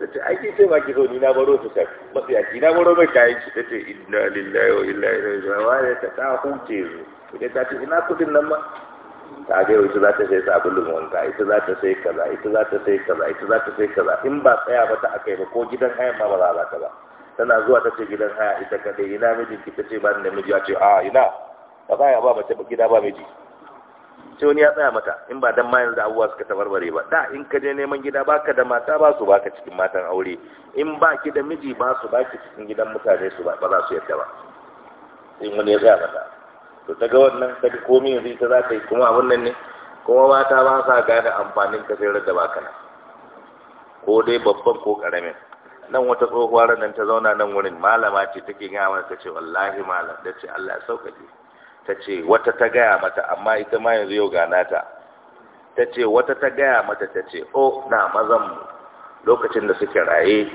ta ce aiki ce ba ki zo ni na baro su can matsiyaci na baro mai kayan shi ta ce inna lillahi wa inna ilaihi raji'un ta ta huce zu idan ta ce ina kudin nan ma ta ga ita za ta sai sabulun wanka ita za ta sai kaza ita za ta sai kaza ita za ta sai kaza in ba tsaya ba ta akai ba ko gidan haya ma ba za ta ba tana zuwa ta ce gidan haya ita kadai ina ki ta ce ba ni da miji ya ce a ah, ina ba za ya ba mace gida ba miji sai wani ya tsaya mata in ba dan ma yanzu abubuwa suka tabarbare ba da in ka je neman gida baka da mata ba su baka cikin matan aure in ba ki da miji ba su baki cikin gidan mutane su ba za su yadda ba in wani ya tsaya mata to ta ga wannan ta ga komai yanzu ita za ta yi kuma abun nan ne kuma mata ba sa gane amfanin ka sai da baka nan ko dai babban ko karamin nan wata tsohuwar nan ta zauna nan wurin malama ce take gaya mana ta ce wallahi malam da ce Allah ya sauƙaƙe ta ce wata ta gaya mata amma ita ma yanzu yau gana ta ta ce wata ta gaya mata ta ce o oh, na mu? lokacin da suke raye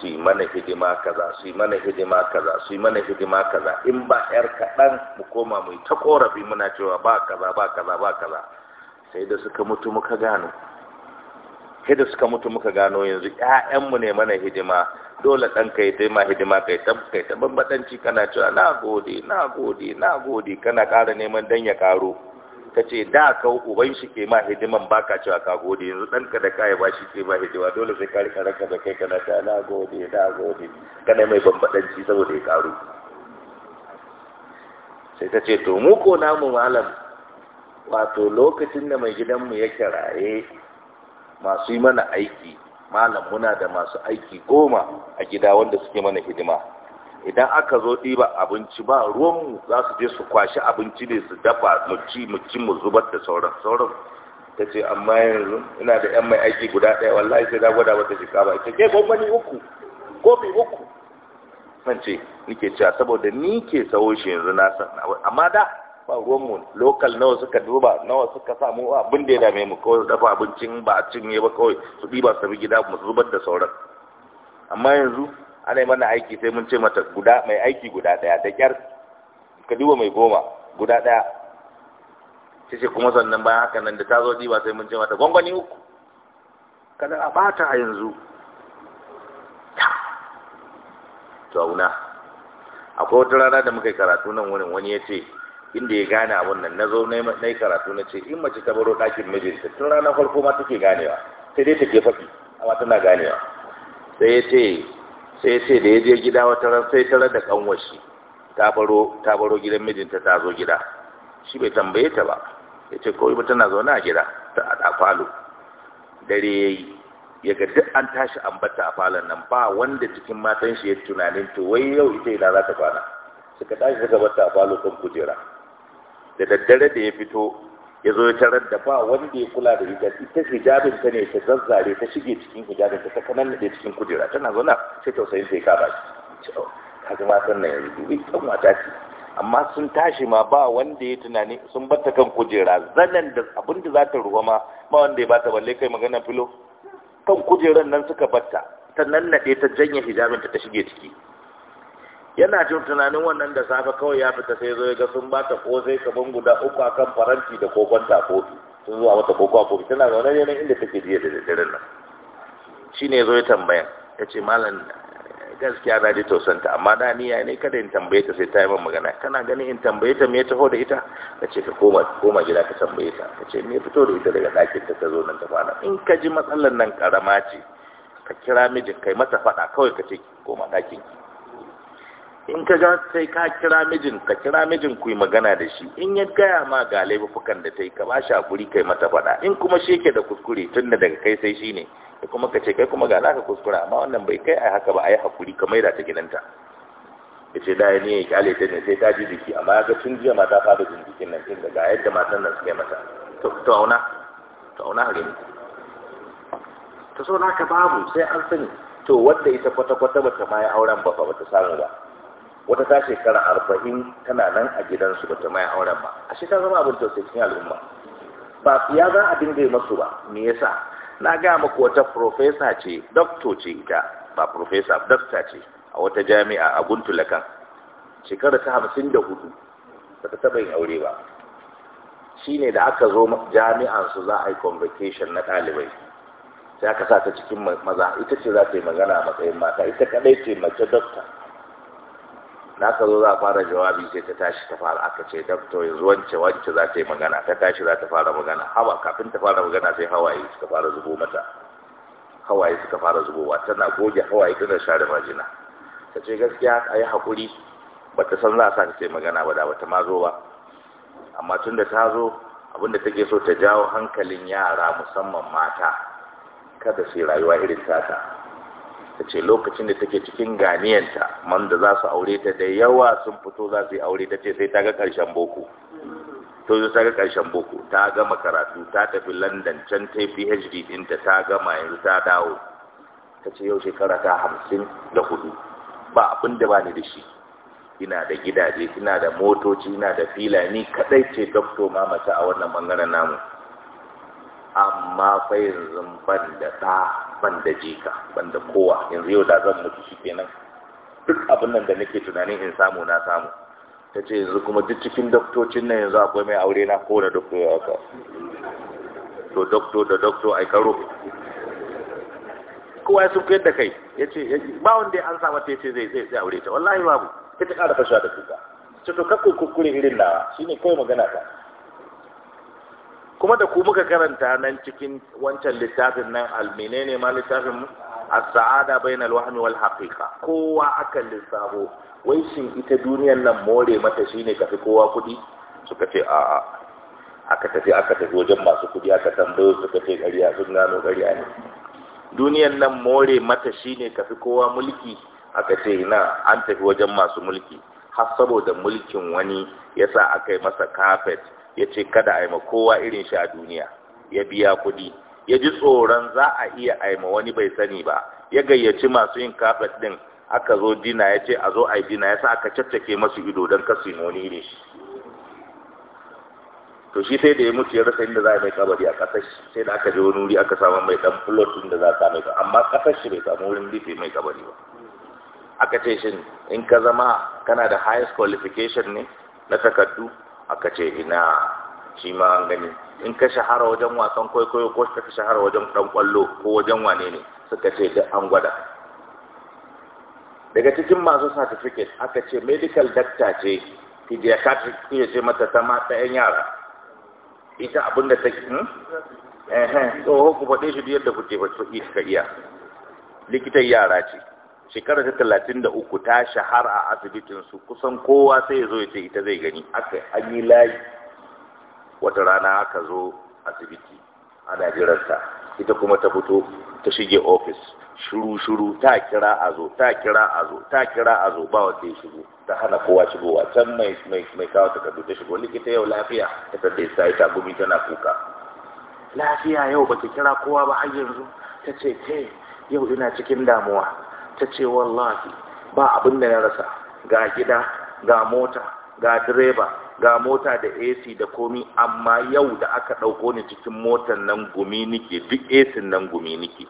su yi mana hidima kaza su yi mana hidima kaza su yi mana hidima kaza in ba yar kaɗan mu koma mu ta korafi muna cewa ba kaza ba kaza ba kaza sai da suka mutu muka gano sai da suka mutu muka gano yanzu ƴaƴanmu ne mana hidima dole ɗan kai dai ma hidima kai ta kai ta bambadanci kana cewa na gode na gode na gode kana ƙara neman dan ya ƙaro ka ce da ka uban shi ke ma hidiman baka cewa ka gode yanzu ɗan ka da kai ba shi ke ma hidima dole sai ka rika ranka da kai kana ta na gode na gode kana mai bambadanci saboda ya ƙaro sai ta ce to mu ko namu malam wato lokacin da mai gidanmu ya kiraye masu yi mana aiki malam muna da masu aiki goma a gida wanda suke mana hidima idan aka zo ɗiba abinci ba ruwanmu za su je su kwashi abinci ne su dafa mu ci mu ci mu zubar da sauran sauran ta ce amma yanzu ina da yan mai aiki guda ɗaya wallahi sai da gwada wata jika ba ita ke gwamnati uku Gobe, uku kan ce nike cewa saboda ni ke sawo shi yanzu na san amma da ba ruwanmu lokal nawa suka duba nawa suka samu abin da ya dame mu kawai dafa abincin ba a cinye ba kawai su ɗiba su tafi gida mu zubar da sauran amma yanzu ana yi mana aiki sai mun ce mata guda mai aiki guda ɗaya da kyar ka duba mai goma guda ɗaya ce ce kuma sannan bayan haka nan da ta zo ɗiba sai mun ce mata gwangwani uku kada a bata a yanzu to akwai wata rana da muka yi karatu nan wurin wani ya ce inda ya gane a wannan, na zo na yi karatu na ce in mace ta baro ɗakin mijinta tun ranar farko ma take ganewa sai dai take faɗi amma tana ganewa sai ya ce sai ya ce da ya je gida wata ran sai tara da ƙanwashi ta baro gidan mijinta ta zo gida shi bai tambaye ta ba ya ce kawai ba tana zaune a gida ta a ɗafalo dare ya yi ya ga duk an tashi an bata a falon nan ba wanda cikin matan shi ya tunanin to wai yau ita ina za ta kwana suka tashi suka bata a falo kan kujera da daddare da ya fito ya zo ya tarar da ba wanda ya kula da ita, ita hijabin ta ne ta zazzare ta shige cikin hijabin ta ta da cikin kujera tana zauna sai tausayin sai ka shi oh, ka ji matan nan yanzu duk kan mata ce amma sun tashi ma ba wanda ya tunani sun batta kan kujera zanen da abin da za ta ruwa ma ba wanda ya bata balle kai magana filo kan kujeran nan suka batta ta nannaɗe ta janye hijabin ta ta shige ciki yana jin tunanin wannan da safe kawai ya fita sai zo ya ga sun ba ta ka kaman guda uku akan faranti da kokon ta ko sun zuwa mata koko a tana zaune ne inda take jiya da dare nan shi ne zo ya tambaya ya ce malam gaskiya na ji tausanta amma da niyya ne kada in tambaye ta sai ta yi min magana kana ganin in tambaye ta me ya taho da ita ka ce ka koma gida ka tambaye ta ka ce me fito da ita daga ɗakin ta ta zo nan ta kwana in ka ji matsalar nan karama ce ka kira mijin kai mata faɗa kawai ka ce koma ɗakin ki in ka ga sai ka kira mijin ka kira mijin ku yi magana da shi in ya gaya ma ga laifukan da ta yi ka ba shi hakuri kai mata faɗa in kuma shi yake da kuskure tun da daga kai sai shi ne kuma ka ce kai kuma ga ka kuskura amma wannan bai kai a haka ba a yi hakuri ka maida ta gidanta ya ce daya ne ya kyale ta ne sai ta ji jiki amma ya ga tun jiya mata fada jin jikin nan tun ga yadda matan nan suka yi mata ta auna to auna ni ta so na ka babu sai an sani to wanda ita kwata-kwata bata ma ya auren ba ba ta samu ba wata ta shekara arba'in tana nan a gidansu ba ta mai auren ba a shekara zama abin tausayi cikin al'umma ba su ya za a dinga yi masu ba me yasa na ga muku wata profesa ce doctor ce ita ba profesa doctor ce a wata jami'a a guntulakan shekara ta hamsin da hudu ba ta taba yin aure ba shine da aka zo jami'an su za a yi convocation na ɗalibai sai aka sa ta cikin maza ita ce za ta yi magana a matsayin mata ita kadai ce mace doctor Na ka zo za a fara jawabi sai ta tashi ta fara aka ce dakto yanzu wance wance za ta yi magana ta tashi za ta fara magana hawa kafin ta fara magana sai hawaye suka fara zubo mata hawaye suka fara zubowa tana goge hawaye tana share majina ta ce gaskiya a yi haƙuri ba ta san za a sa ta yi magana ba da ba ta ma zo ba amma tun da ta zo abin abinda take so ta jawo hankalin yara musamman mata kada sai rayuwa irin tata ta ce lokacin da take cikin ganiyanta man da za su aure ta da yawa sun fito za su yi aure ta ce sai ta ga ƙarshen boko to yi ta ga ƙarshen boko ta gama karatu ta tafi london can ta yi phd ɗinta ta gama yanzu ta dawo ta ce yau shekara ta hamsin da hudu ba abin da ba ni da shi ina da gidaje ina da motoci ina da filani, ni kaɗai ce dokto ma mace a wannan bangaren namu amma fa yanzu ban da ta ban da jika ban da kowa yanzu yau da zan mutu shi kenan duk abin nan da nake tunanin in samu na samu ta ce yanzu kuma duk cikin doktocin nan yanzu akwai mai aure na kowane doktor ya ka to doktor da doktor ai karo kowa ya sun koyar da kai ya ce ba wanda an sa mata ya ce zai zai aure ta wallahi babu ita ƙara fashewa da kuka ce to kakko kukkure irin nawa shine kawai magana ta kuma da ku muka karanta nan cikin wancan littafin nan almine ne ma littafin as-sa'ada al wahmi wal haqiqa kowa akan lissafo wai shin ita duniyar nan more mata shine kafi kowa kudi suka ce a'a aka tafi aka tafi wajen masu kudi aka tambayo suka ce a sun gano a ne duniyar nan more mata shine kafi kowa mulki aka ce ina an tafi wajen masu mulki har saboda mulkin wani yasa aka yi masa kafet. ya ce kada a yi ma kowa irin shi a duniya ya biya kuɗi ya ji tsoron za a iya a ma wani bai sani ba ya gayyaci masu yin kafet ɗin aka zo dina ya ce a zo a yi dina ya sa aka caccake masu ido don kasu yin wani irin shi to shi sai da ya mutu ya rasa inda za a mai kabari a ƙasar shi sai da aka je wani wuri aka samu mai dan plot inda da za a samu amma ƙasar shi bai samu wurin rufe mai kabari ba aka ce shin in ka zama kana da highest qualification ne na takardu aka ce ina shi ma an gani in ka shahara wajen wasan kwaikwayo ko ka shahara wajen ɗan ƙwallo ko wajen wane ne suka ce duk an gwada daga cikin masu certificate aka ce medical doctor ce pediatric ya ce mata ta mata yan yara ita abinda ta hmm? eh eh to ku faɗe shi yadda kuke faɗi ka iya likitan yara ce shekara ta talatin da uku ta shahara a asibitin su kusan kowa sai ya zo ya ce ita zai gani aka an yi layi wata rana aka zo asibiti ana jiranta ita kuma ta fito ta shige ofis shuru-shuru ta kira a zo ta kira a zo ta kira a zo ba wanda ya shigo ta hana kowa shigowa can mai mai mai kawo takardu ta shigo likita yau lafiya ta tattare sai ta gumi tana kuka lafiya yau baki kira kowa ba har yanzu ta ce ke yau ina cikin damuwa ta ce wallahi ba abin da na rasa ga gida ga mota ga direba ga mota da ac da komi amma yau da aka ɗauko ni cikin motar nan gumi nike duk ac nan gumi nike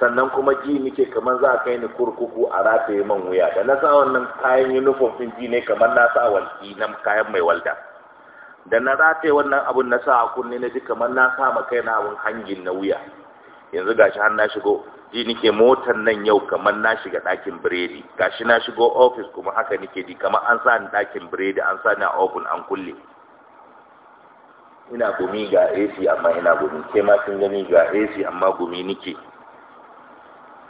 sannan kuma ji nike kamar za a kai ni kurkuku a rataye man wuya da na sa wannan kayan uniform din ji ne kamar na sa walki na kayan mai walda da na rataye wannan abun na sa a kunne na ji kamar na sa ma kaina abun hangin na wuya yanzu gashi har na shigo ji nike motar nan yau kamar na shiga ɗakin biredi gashi na shigo ofis kuma haka nike ji kamar an sa ni ɗakin biredi an sa ni a ofin an kulle ina gumi ga AC amma ina gumi ke ma sun gani ga AC amma gumi nike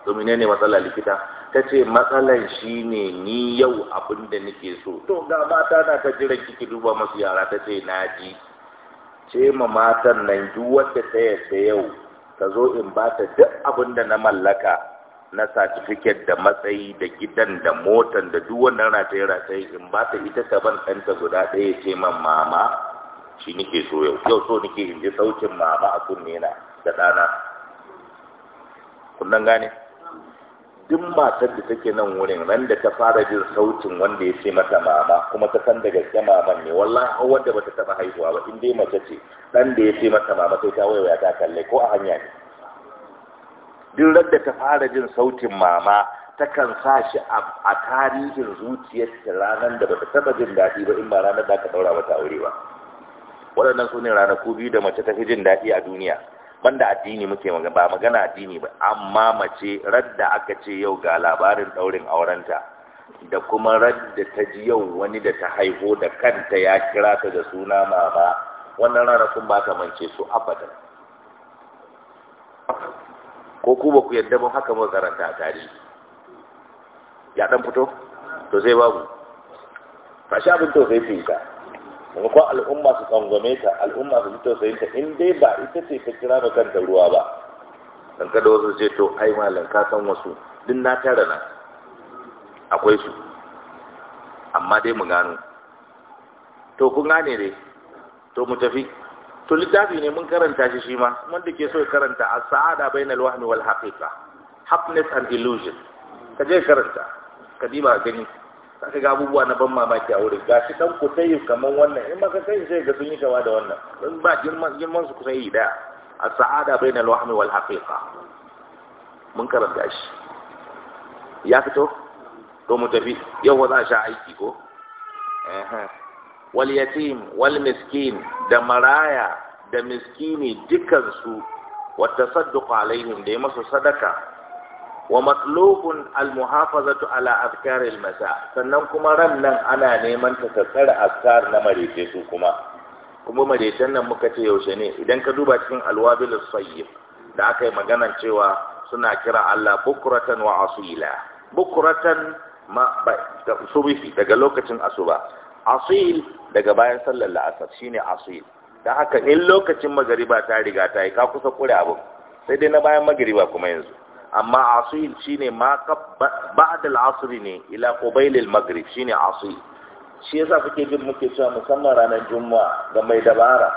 to mene ne matsala likita ta ce matsalan shi ne ni yau abin da nike so to ga mata na ta jiran kiki duba masu yara ta ce na ji ce ma matan nan duk wadda ta yadda yau ka zo in ba ta duk abin da na mallaka na satifiket da matsayi da gidan da motan da duk wannan rataye-rataye in ba ta ita ta ban ɗanta guda ɗaya ce man mama shi nike so yau yau so nike in ji saukin mama a kunne na da ɗana Kunnan gane duk matar da take nan wurin ran da ta fara jin sautin wanda ya ce mata mama kuma ta san daga gaske maman ne wallahi har wanda bata taba haihuwa ba in dai mace ce dan da ya ce mata mama sai ta waiwaya ta kalle ko a hanya ne duk da ta fara jin sautin mama takan sa shi a tarihin zuciyar ta ranar da bata taba jin daɗi ba in ba ranar da aka daura mata aure ba waɗannan su ne ranaku biyu da mace ta fi jin daɗi a duniya banda addini muke magana ba magana addini ba amma mace radda aka ce yau ga labarin daurin aurenta da kuma radda ta ji yau wani da ta haihu da kanta ya kira ta da suna mama wannan sun ba ta mance su abada. ko ku ba ku yadda ba haka mun zaranta a tarihi ya dan fito to sai babu fashi abin to sai fita maimakon al'umma su tsangwame ta al'umma su fito tausayin ta in dai ba ita ce ta kira ba kanta ruwa ba dan kada wasu ce to ai malam ka san wasu duk na tara na akwai su amma dai mu gano to kun gane dai to mu tafi to littafi ne mun karanta shi shi ma wanda ke so ya karanta as-sa'ada bainal wahmi wal haqiqa happiness and illusion kaje karanta kadima gani aka ga abubuwa na ban mamaki a wurin ga shi kusa yi kamar wannan in maka kai sai ga sun yi kama da wannan in ba girman girman su kusa yi da a saada na lohami wal haƙiƙa mun karanta shi ya fito to mu tafi yau wa za a sha aiki ko wal yatim wal miskin da maraya da miskini dukansu wata tasadduq alaihim da yi masu sadaka wa matlubun almuhafazatu ala azkar almasa sannan kuma ran nan ana neman ta tsara na marece su kuma kuma marecen nan muka ce yaushe ne idan ka duba cikin alwabil sayyib da aka yi maganan cewa suna kira Allah bukratan wa asila bukratan ma subihi daga lokacin asuba asil daga bayan sallar la'asar shine asil Da haka in lokacin magariba ta riga ta yi ka kusa kure abu sai dai na bayan magariba kuma yanzu amma asil shine ma ba'da al-asr ne ila qabail al-maghrib shine asil shi yasa kuke jin muke cewa musamman ranar juma'a ga mai dabara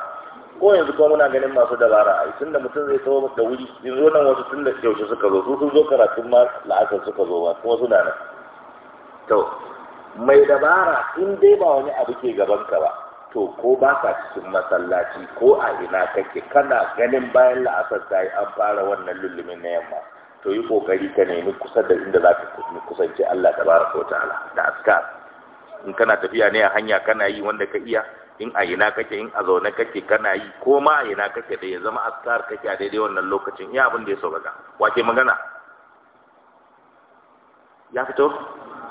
ko yanzu ko muna ganin masu dabara ai tunda mutum zai tawo da wuri yanzu nan wasu tun da yaushe suka zo su sun zo karatun ma la'asar suka zo ba kuma suna nan to mai dabara in dai ba wani abu ke gaban ka ba to ko ba ka cikin masallaci ko a ina kake kana ganin bayan la'asar ta yi an fara wannan lullumin na yamma to yi kokari ka nemi kusa da inda za ka kusanci Allah ko ta ala, da askar in kana tafiya ne a hanya kana yi wanda ka iya in a ina kake in a zaune kake kana yi ko ma a ina kake da ya zama askar kake a daidai wannan lokacin iya abin da ya sauƙaƙa wake magana ya fito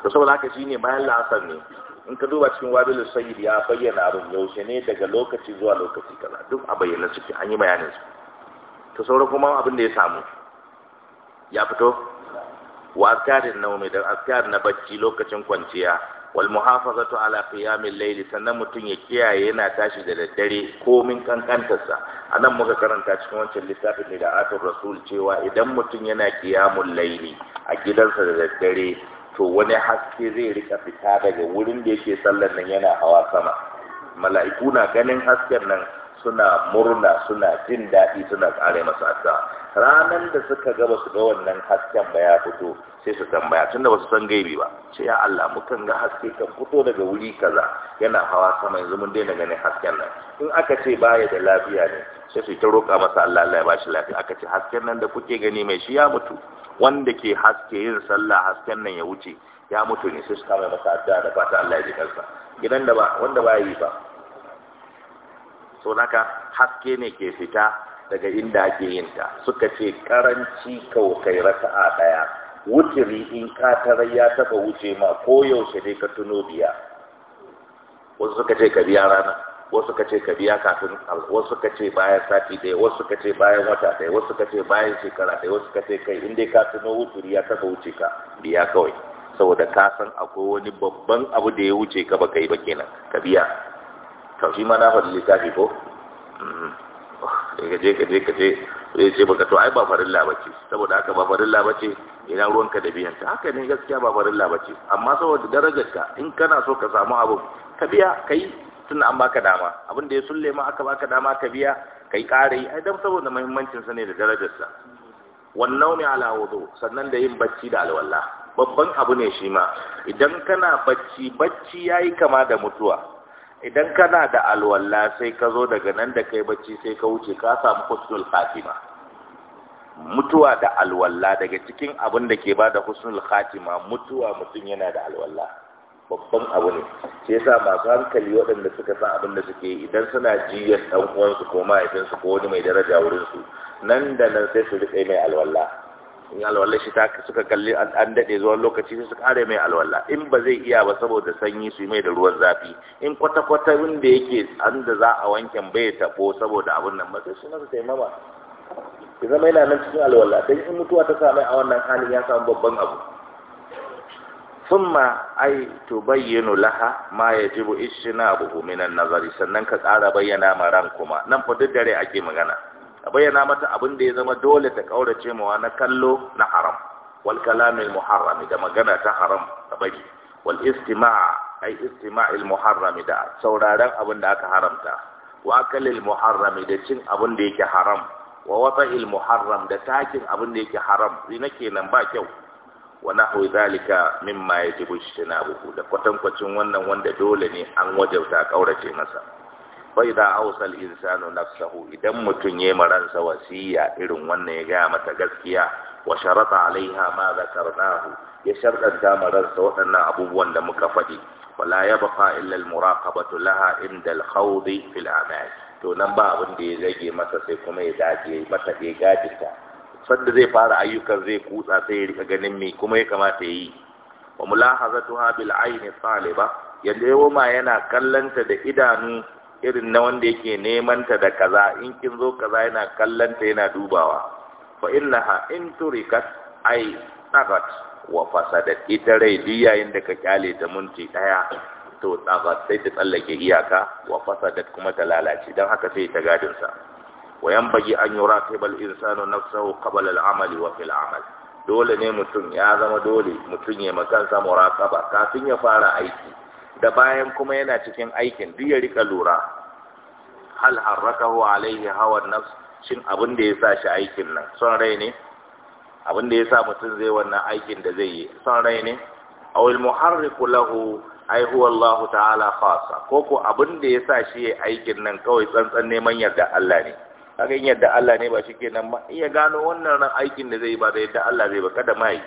to saboda haka shine bayan la'asar ne in ka duba cikin wabil sayyid ya bayyana abin yaushe ne daga lokaci zuwa lokaci kaza duk a bayyana suke an yi bayanin su to saura kuma abin da ya samu ya fito wa na naumi da azkar na bacci lokacin kwanciya wal muhafazatu ala qiyamil layl sannan mutum ya kiyaye yana tashi da daddare komin kankantarsa anan muka karanta cikin wancan littafin da atur rasul cewa idan mutum yana qiyamul layli a gidansa da daddare to wani haske zai rika fita daga wurin da yake sallar nan yana hawa sama mala'iku na ganin hasken nan suna murna suna jin daɗi suna ƙare masa addu'a ranan da suka ga basu ga wannan hasken ba ya fito sai su tambaya tunda basu san gaibi ba ce ya Allah mukan ga haske kan fito daga wuri kaza yana hawa sama yanzu mun daina ganin hasken nan in aka ce baya da lafiya ne sai su ta roƙa masa Allah Allah ya bashi lafiya aka ce hasken nan da kuke gani mai shi ya mutu wanda ke haske yin sallah hasken nan ya wuce ya mutu ne sai su kama masa addu'a da fata Allah ya ji kansa gidan da ba wanda ba yi ba sonaka haske ne ke fita daga inda ake yin ta suka ce karanci kau kai a daya wuturi in ka tarar ya taba wuce ma ko yaushe dai ka tuno biya wasu suka ce ka biya rana wasu suka ce ka biya kafin wasu suka ce bayan sati ɗaya wasu suka ce bayan wata ɗaya wasu suka ce bayan shekara ɗaya wasu suka ce kai in dai ka tuno wuturi ya taba wuce ka biya kawai saboda ka san akwai wani babban abu da ya wuce ka baka yi ba kenan ka biya to shi ma na faɗi littafi ko mhm. eh, ka je ka je ka je zai ce baka to ai ba farin bace saboda haka ba farilla bace ina ruwanka da biyan ta haka ne gaskiya ba farin bace amma saboda darajar ka in kana so ka samu abu ka biya kai tun an baka dama abin da ya sulle ma aka baka dama ka biya kai kare ai dan saboda muhimmancin sa ne da darajar sa wannan ne ala wudu sannan da yin bacci da alwala babban abu ne shi ma idan kana bacci bacci yayi kama da mutuwa idan kana da alwala sai ka zo daga nan da kai bacci sai ka wuce ka samu husnul khatima mutuwa da alwala daga cikin abin da ke ba da husnul khatima mutuwa mutum yana da alwala babban abu ne sai sa masu hankali waɗanda suka san abin da suke yi idan suna jiyar ɗan uwansu ko mahaifinsu ko wani mai daraja wurinsu nan da nan sai su riƙe mai alwala sun yi alwallar shi suka kalli an daɗe zuwa lokaci sai su ƙare mai alwallah in ba zai iya ba saboda sanyi su yi mai da ruwan zafi in kwata-kwata wanda yake an da za a wanken bai taɓo saboda abin nan ba sai su masa taimama ki zama yana nan cikin alwallah sai in mutuwa ta same a wannan halin ya samu babban abu thumma ai bayyana laha ma yajibu ishnabuhu minan nazari sannan ka tsara bayyana ma kuma nan fa duk dare ake magana a bayyana mata abin da ya zama dole ta kaurace mawa na kallo na haram wal kalamil muharram da magana ta haram ta bari wal istima' ay istima'il muharram da sauraron abin da aka haramta wa kalil muharram da cin abin da yake haram wa wata'il muharram da takin abin da yake haram zina kenan ba kyau wa nahwi zalika mimma yajibu ijtinabuhu da kwatankwacin wannan wanda dole ne an wajauta kaurace masa faida da ausal insanu nafsahu idan mutum ya maransa wasiya irin wannan ya gaya mata gaskiya wa sharata alaiha ma zakarnahu ya sharɗanta maransa waɗannan abubuwan da muka faɗi wala ya baqa illa al muraqabatu laha inda al khawd fil a'mal to nan ba abin da ya zage masa sai kuma ya dace mata ya gajinta sanda zai fara ayyukan zai kutsa sai ya rika ganin me kuma ya kamata ya yi wa mulahazatuha bil aini taliba yadda yawa ma yana kallanta da idanu irin na wanda yake neman ta da kaza in kin zo kaza yana kallon ta yana dubawa fa innaha in turikat ai tabat wa fasadat ita rai duk yayin da ka kyale ta minti daya to tabat sai ta tsallake iyaka wa fasadat kuma ta lalace dan haka sai ta gadin sa wa yanbaghi an yuratiba al-insanu nafsahu qabla al-amali wa fil amal dole ne mutum ya zama dole mutum ya makansa muraqaba kafin ya fara aiki da bayan kuma yana cikin aikin duk ya rika lura hal harrakahu alaihi hawan nafs shin abin da ya sa shi aikin nan son rai ne abin da ya sa mutum zai wannan aikin da zai yi son rai ne awil muharriku lahu ai huwa Allah ta'ala khassa ko ko abin da ya sa shi yayi aikin nan kawai tsantsan neman yarda Allah ne kaga in yarda Allah ne ba shikenan ba iya gano wannan ran aikin da zai ba da yarda Allah zai ba kada mai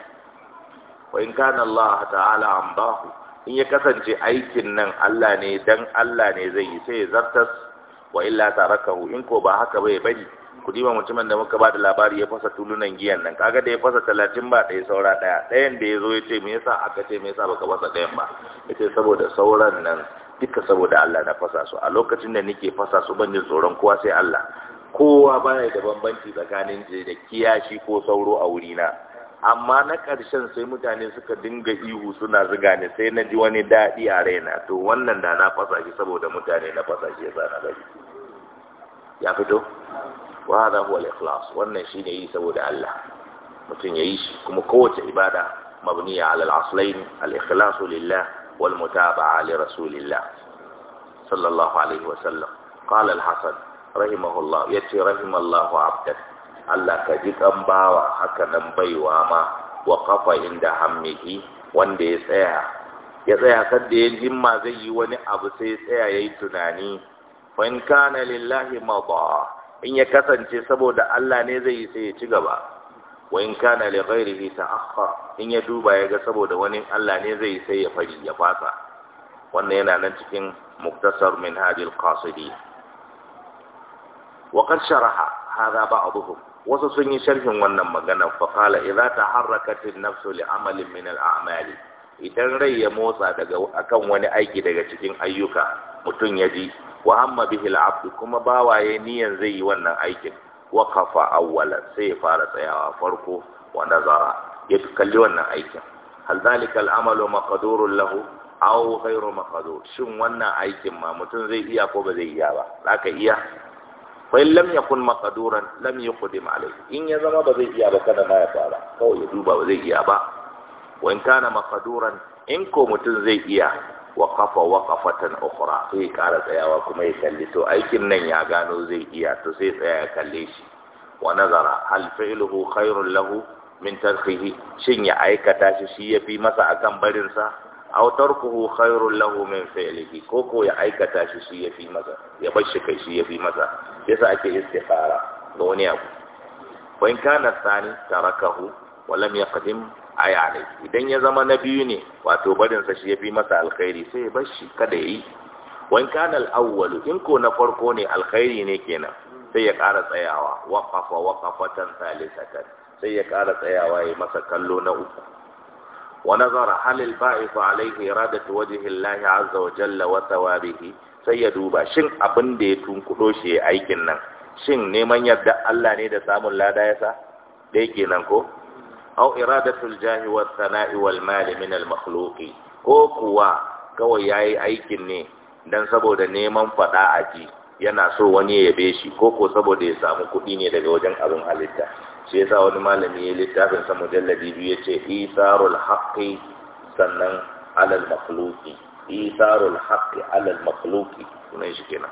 wa in kana Allah ta'ala ambahu in ya kasance aikin nan Allah ne dan Allah ne zai yi sai zartas wa illa tarakahu in ko ba haka ba ya bari ku diba mutumin da muka ba da labari ya fasa tulunan giyan nan kaga da ya fasa talatin ba ɗaya saura ɗaya ɗayan da ya zo ya ce me yasa aka ce me yasa baka fasa ɗayan ba ya ce saboda sauran nan duka saboda Allah na fasa su a lokacin da nake fasa su ban tsoron kowa sai Allah kowa baya da bambanci tsakanin da kiyashi ko sauro a wurina amma na ƙarshen sai mutane suka dinga ihu suna ziga ne sai na ji wani daɗi a raina to wannan da na fasa shi saboda mutane na fasa shi yasa na bari ya fito wa hadha huwa al-ikhlas wannan shine yi saboda Allah mutum ya yi shi kuma kowace ibada mabniya ala al-aslayn al-ikhlas lillah wal mutaba'a li rasulillah sallallahu alaihi wa sallam qala al-hasan rahimahullah yace rahimallahu abdak Allah ka ji kan bawa haka nan baiwa ma wa kafa inda hammihi wanda ya tsaya ya tsaya da ya himma zai yi wani abu sai tsaya yayi tunani fa in kana lillahi madha in ya kasance saboda Allah ne zai yi sai ya ci gaba wa in kana li ghairihi ta'akha in ya duba ya ga saboda wani Allah ne zai yi sai ya fari ya fasa wannan yana nan cikin muktasar min hadil qasidi wa qad sharaha hadha ba'dhum wasu sun yi sharhin wannan magana fa qala idza taharrakat an-nafsu li amalin min al-a'mali idan rai ya motsa daga akan wani aiki daga cikin ayyuka mutum ya ji wa amma bihi al-'abd kuma bawaye niyan zai yi wannan aikin wa kafa awwalan sai ya fara tsayawa farko wa nazara ya kalli wannan aikin hal zalika al-amalu maqdurun lahu aw ghayru maqdur shin wannan aikin ma mutum zai iya ko ba zai iya ba zaka iya fa in lam yakun maqduran lam yuqdim alayhi in ya zama ba zai iya ba kada ma ya fara kawai ya duba ba zai iya ba wa in kana maqduran in ko mutum zai iya waqafa waqafatan ukhra sai ƙara tsayawa kuma ya kalli to aikin nan ya gano zai iya to sai tsaya ya kalle shi wa nazara hal fi'luhu khairun lahu min tarkihi shin ya aikata shi shi yafi masa akan barinsa aw tarkuhu khairul lahu min fi'lihi koko ya aikata shi shi yafi maza ya bar shi kai shi yafi maza yasa ake istikhara ga wani abu wa in kana tsani tarakahu wa lam yaqdim ayani idan ya zama na biyu ne wato barin sa shi yafi masa alkhairi sai ya bar shi kada yi wa in kana al in ko na farko ne alkhairi ne kenan sai ya ƙara tsayawa waqafa waqafatan thalithatan sai ya ƙara tsayawa ya masa kallo na uku ونظر هل البائس عليه إرادة وجه الله عز وجل وثوابه sai ya duba shin abin da ya tunkudo shi aikin nan shin neman yadda Allah ne da samun lada yasa da yake nan ko au iradatul jahi was sana'i wal mali min ko kuwa kawai yayi aikin ne dan saboda neman faɗa a ji yana so wani ya yabe shi ko saboda ya samu kuɗi ne daga wajen abin halitta shi yasa wani malami ya littafin sa mujalladi biyu yace isarul haqqi sannan alal makhluqi isarul haqqi alal makhluqi sunan shi kenan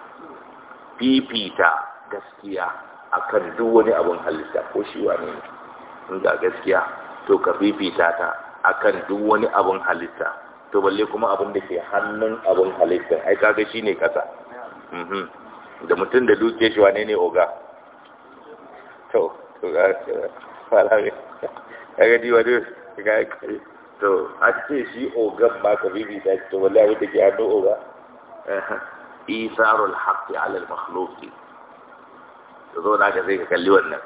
pipita gaskiya akan duk wani abun halitta ko shi wane ne in ga gaskiya to ka pipita ta akan duk wani abun halitta to balle kuma abun da ke hannun abun halitta ai kaga shine kasa mhm da mutum da duke shi wane ne oga to to ga falare kaga ga kai to a ce shi ogan ba ka bibi da to wallahi da ke hannu oga isarul haqqi ala al makhluqi to zo na ka sai ka kalli wannan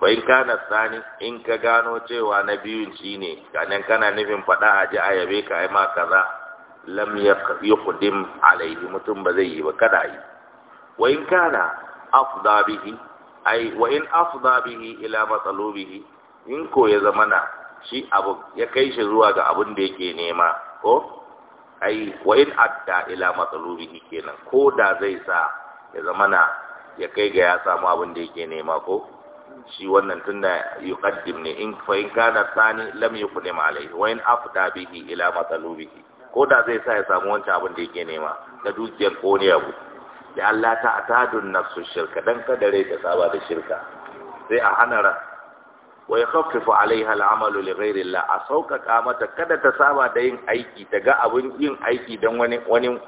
wa in kana tsani in ka gano cewa na biyun shine kanan kana nufin fada a ji a yabe ka ai ma kaza lam yakhdim alaihi mutum ba zai yi ba kada yi wa in kana afda bihi ai wa in afda bihi ila matsalubihi in ko ya zamana shi abu ya kai shi zuwa ga abin da yake nema ko ai wa in adda ila matsalubihi kenan ko da zai sa ya zamana ya kai ga ya samu abin da yake nema ko shi wannan tunda yuqaddim ne in fa in kana sani lam yuqdim alayhi wa in afda bihi ila matsalubihi ko da zai sa ya samu wancan abin da yake nema na dukiyar ko ne abu ya Allah ta atadun nafsu shirka dan rai ta saba da shirka sai a hana ran wa yakhaffifu alaiha al'amalu li ghayri Allah a sauƙaƙa mata kada ta saba da yin aiki ta ga abun yin aiki dan wani wani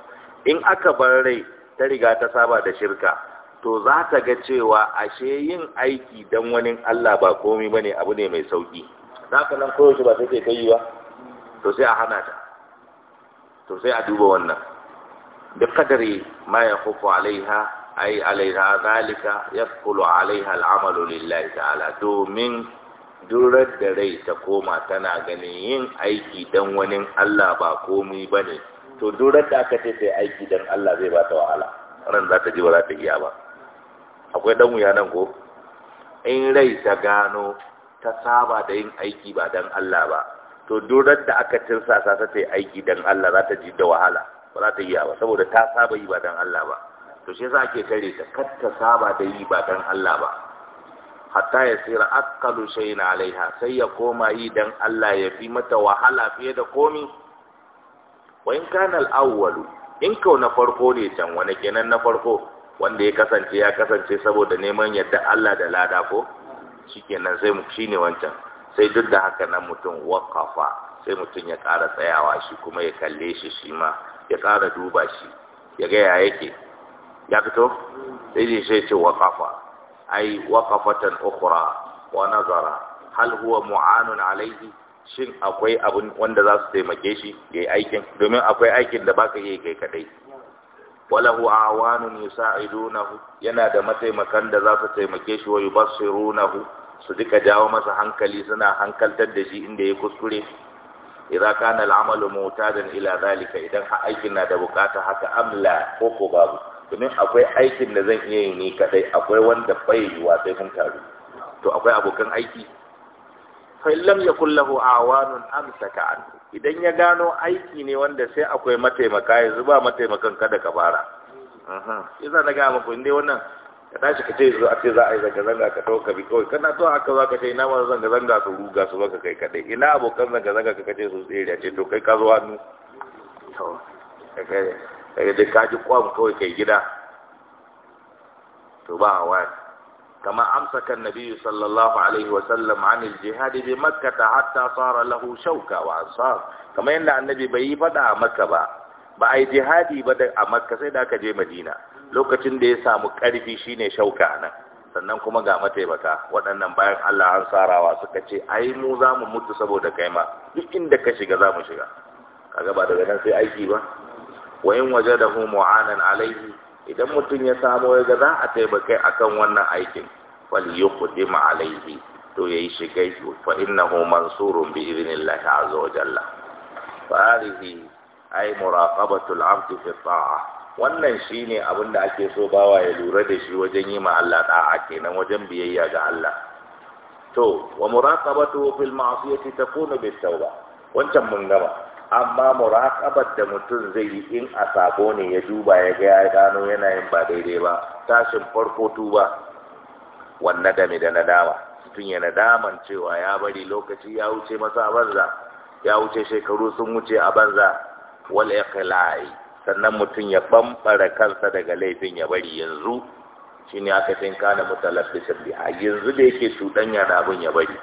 in aka bar rai ta riga ta saba da shirka to za ta ga cewa ashe yin aiki dan wani Allah ba komai bane abu ne mai sauki haka nan koyaushe ba take kai ba to sai a hana ta to sai a duba wannan ma بقدر ما يخف عليها أي zalika, ya يثقل عليها العمل لله تعالى domin durar da rai ta koma tana ganin yin aiki don wani Allah ba komi ba ne to durar da aka ce sai aiki don Allah zai ba ta wahala ran za ta ji ba za ta iya ba akwai dan wuya nan ko in rai ta gano ta saba da yin aiki ba don Allah ba to durar da aka tirsasa ta sai aiki don Allah za ta ji da wahala ba za ta iya ba saboda ta saba yi ba dan Allah ba to shi yasa ake tare ta kar ta saba da yi ba dan Allah ba hatta ya tsira akalu shayin alaiha sai ya koma yi dan Allah ya fi mata wahala fiye da komi wa in kana al in kau na farko ne can wani kenan na farko wanda ya kasance ya kasance saboda neman yadda Allah da lada ko shikenan sai mu shine wancan sai duk da haka nan mutum waqafa sai mutum ya ƙara tsayawa shi kuma ya kalle shi shi ma ya ƙara duba shi ya ga yake ya fito sai ne sai ce waƙafa ai waƙafatan ukura wa nazara hal huwa mu'anun alaihi shin akwai abin wanda za su taimake shi ya aikin domin akwai aikin da baka yi kai kadai walahu awanun yusa'idunahu yana da mataimakan da za su taimake shi wa yubassirunahu su dika jawo masa hankali suna hankaltar da shi inda ya kuskure idza kana al'amalu mutadan ila zalika idan ha aikin na da bukata haka amla ko ko babu domin akwai aikin da zan iya yi ni kadai akwai wanda bai wa sai kun taru to akwai abokan aiki fa lam yakul lahu awanun amsaka an idan ya gano aiki ne wanda sai akwai mataimaka yanzu ba mataimakan kada ka fara. idan na ga muku wannan ka tashi ka ce su a ce za a yi zanga-zanga ka ɗauka bi kawai kana to haka za ka ce ina wani zanga-zanga su ruga su baka kai kaɗai ina abokan zanga-zanga ka kace su tsere ce to kai ka zo hannu ka dai ka ji kwam kawai kai gida to ba a wani kama kan nabi sallallahu alaihi wa sallam an al-jihad bi makkah hatta sara lahu shauka wa asar kama yanda annabi bai yi fada a makka ba ba ai jihadi ba a makka sai da aka je madina lokacin da ya samu ƙarfi shine shauka nan sannan kuma ga mataimaka waɗannan bayan Allah an sarawa suka ce ai mu za mu mutu saboda kai ma duk inda ka shiga za mu shiga kaga ba daga nan sai aiki ba wa da wajadahu mu'anan alaihi idan mutum ya samo ya za a taimaka akan wannan aikin fal yuqdim alaihi to yayi shiga fa innahu mansurun bi idnillahi azza wa jalla fa hadhihi ay muraqabatu al-'abd fi wannan shi ne abin da ake so bawa ya lura da shi wajen yi ma Allah da'a kenan wajen biyayya ga Allah to wa muraqabatu fil ma'siyati takunu bit tauba wancan mun gama amma muraqabar da mutum zai yi in a sabo ne ya duba ya ga ya gano yana yin ba daidai ba tashin farko tuba wannan game da nadama mutum ya daman cewa ya bari lokaci ya wuce masa a banza ya wuce shekaru sun wuce a banza wal iqla'i sannan mutum ya bambara kansa daga laifin ya bari yanzu shi ne aka fi kana mutalaffisin biha yanzu da yake cuɗan da abin ya bari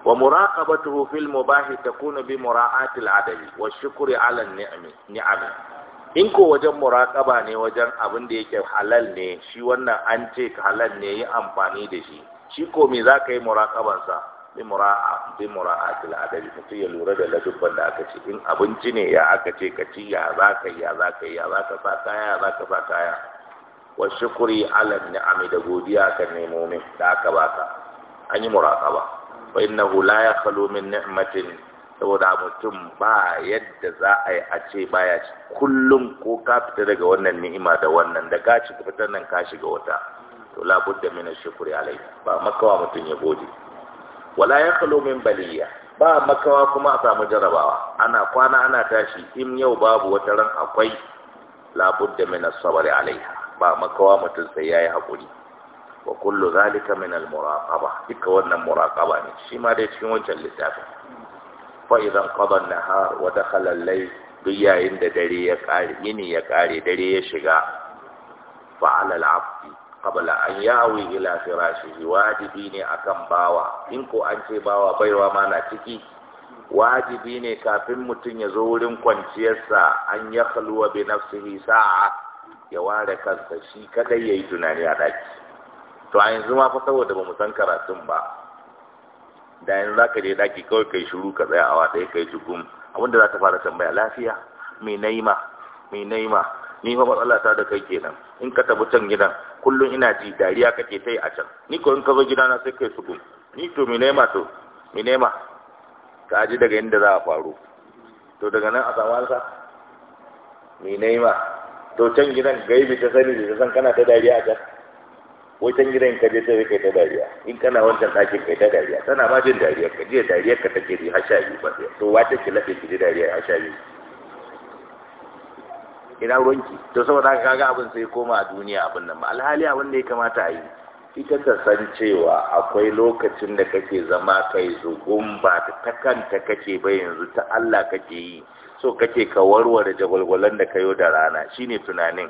wa muraqabatuhu fil mubahi takunu bi mura'atil adali wa shukri ala ni'am in ko wajen muraqaba ne wajen abin da yake halal ne shi wannan an ce halal ne yi amfani da shi shi ko me ka yi muraqaban sa bi mura'atil adabi mutum ya lura da ladubban da aka ce in abinci ne ya aka ce ka ci ya za ka ya za ka ya za ka fa kaya za ka sa kaya wa shukuri ala ni'ami da godiya ka nemo min da aka baka an yi muraqaba fa innahu la yakhlu min ni'matin saboda mutum ba yadda za a yi a ce baya ci kullum ko ka fita daga wannan ni'ima da wannan da ka ci fitar nan ka shiga wata to labudda min shukuri alai ba makawa mutum ya gode wala ya min baliya ba makawa kuma a samu jarabawa ana kwana ana tashi in yau babu wata ran akwai labudda min as-sabri alaiha ba makawa mutum sai yayi hakuri wa kullu zalika min al-muraqaba duka wannan muraqaba ne shi ma dai cikin wancan littafin fa idan qada an-nahar wa dakhala al-layl duk yayin da dare ya kare yini ya kare dare ya shiga fa al-'abdi qabla an yawi ila firashihi wajibi ne akan bawa in ko an ce bawa baiwa ma na ciki wajibi ne kafin mutum ya zo wurin kwanciyarsa an ya khalwa bi nafsihi sa'a ya ware kansa shi kadai yayi tunani a daki to a yanzu ma fa saboda bamu san karatun ba da yanzu zaka je daki kawai kai shiru ka tsaya awa ɗaya kai jugum abinda za ta fara tambaya lafiya me naima me naima ni fa matsala ta da kai kenan in ka tafi can gidan kullum ina ji dariya kake ta yi a can ni ko in ka zo gidana sai kai su ni to mi nema to mi nema ka ji daga inda za a faru to daga nan a samu ansa mi nema to can gidan gaibi ta sani da san kana ta dariya a can wai can gidan ka je sai kai ta dariya in kana wancan ɗakin kai ta dariya tana ma jin dariya ka je dariya ka take ji har sha biyu ba to wace ki lafe ki ji dariya har sha biyu ina ruwanki to saboda haka kaga abin sai koma a duniya abin nan ba? alhali abin da ya kamata a yi ita ta san cewa akwai lokacin da kake zama kai zugun ba ta kanta kake ba yanzu ta Allah kake yi so kake ka warware jagwalgwalan da kayo da rana shine tunanin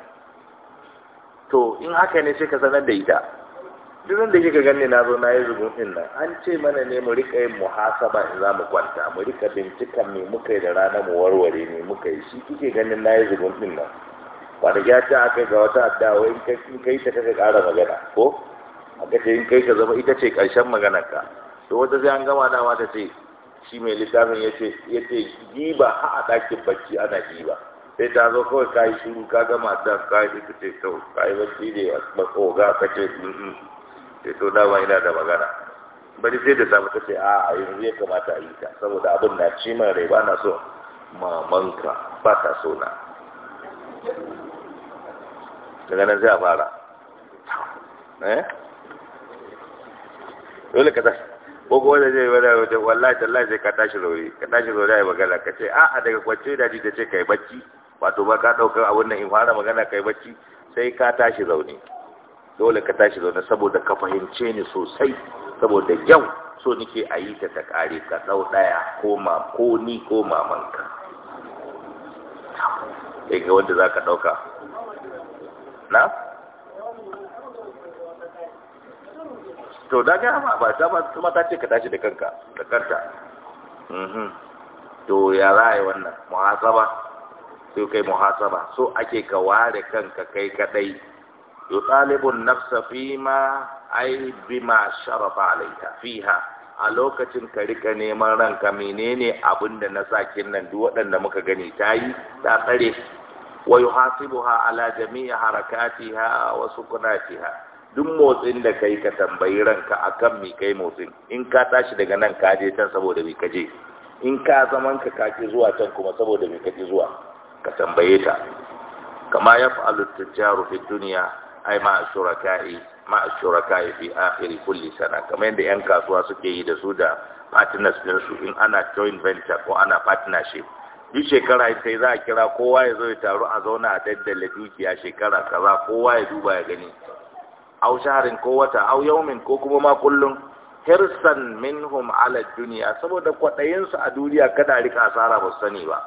to in haka ne sai ka sanar da ita duk da kika gani na zo na yi zubin din nan an ce mana ne mu rika yin muhasaba in za kwanta mu rika bincikan me muka yi da rana mu warware ne muka yi shi kike ganin na yi zubin din nan kwanaki ya ce aka ga wata addawa in kai ta kaka ƙara magana ko aka ce in kai ka zama ita ce ƙarshen maganar ka to wata sai an gama dama ta ce shi mai littafin ya ce ya ce giba ha a ɗakin bacci ana giba sai ta zo kawai ka yi shiru ka gama ta ka yi ta ce kawai ka yi bacci da ba ko ga ka ce sai eh, to dama ina da magana bari sai da samu ta ce a a yanzu ya kamata a yi ta saboda abin na ci mana rai ba na so mamanka ba ta so na daga nan sai a fara eh dole ka tashi ko ko da zai wada wata wallahi tallahi sai ka tashi rauri ka tashi rauri yi magana ka ce a a daga kwance da ji ta ce kai bacci wato ba ka ɗaukar abin nan in fara magana kai bacci sai ka tashi rauni dole ka tashi zaune saboda ka fahimce ni sosai saboda yau so nike a yi ta ta kare ka ɗau ɗaya ko ma ko ni ko mamanka sai ga wanda za ka ɗauka na? to da ga ma ba ta kuma ta ce ka tashi da kanka da kanta mhm. to ya za wannan muhasaba sai kai muhasaba so ake ka ware kanka kai kadai يطالب النفس فيما أي بما شرف عليها فيها a lokacin ka rika neman ranka menene abinda na sakin nan duk waɗanda muka gani ta yi ta tsare wa ha ala jami'i harakatiha wa ha duk motsin da kai ka tambayi ranka akan mi kai motsin in ka tashi daga nan ka je can saboda mi ka je in ka zaman ka kaki zuwa can kuma saboda mi ka zuwa ka tambaye ta kama ya fa'alu tijaru fi duniya ai ma shuraka'i ma shuraka'i fi akhir kulli sana kamar yadda yan kasuwa suke yi da su da partners din su in ana joint venture ko ana partnership duk shekara sai za a kira kowa ya zo ya taru a zauna a daddala dukiya shekara kaza kowa ya duba ya gani au shaharin ko wata au yaumin ko kuma ma kullum hirsan minhum ala duniya saboda kwaɗayinsu a duniya kada rika asara ba sani ba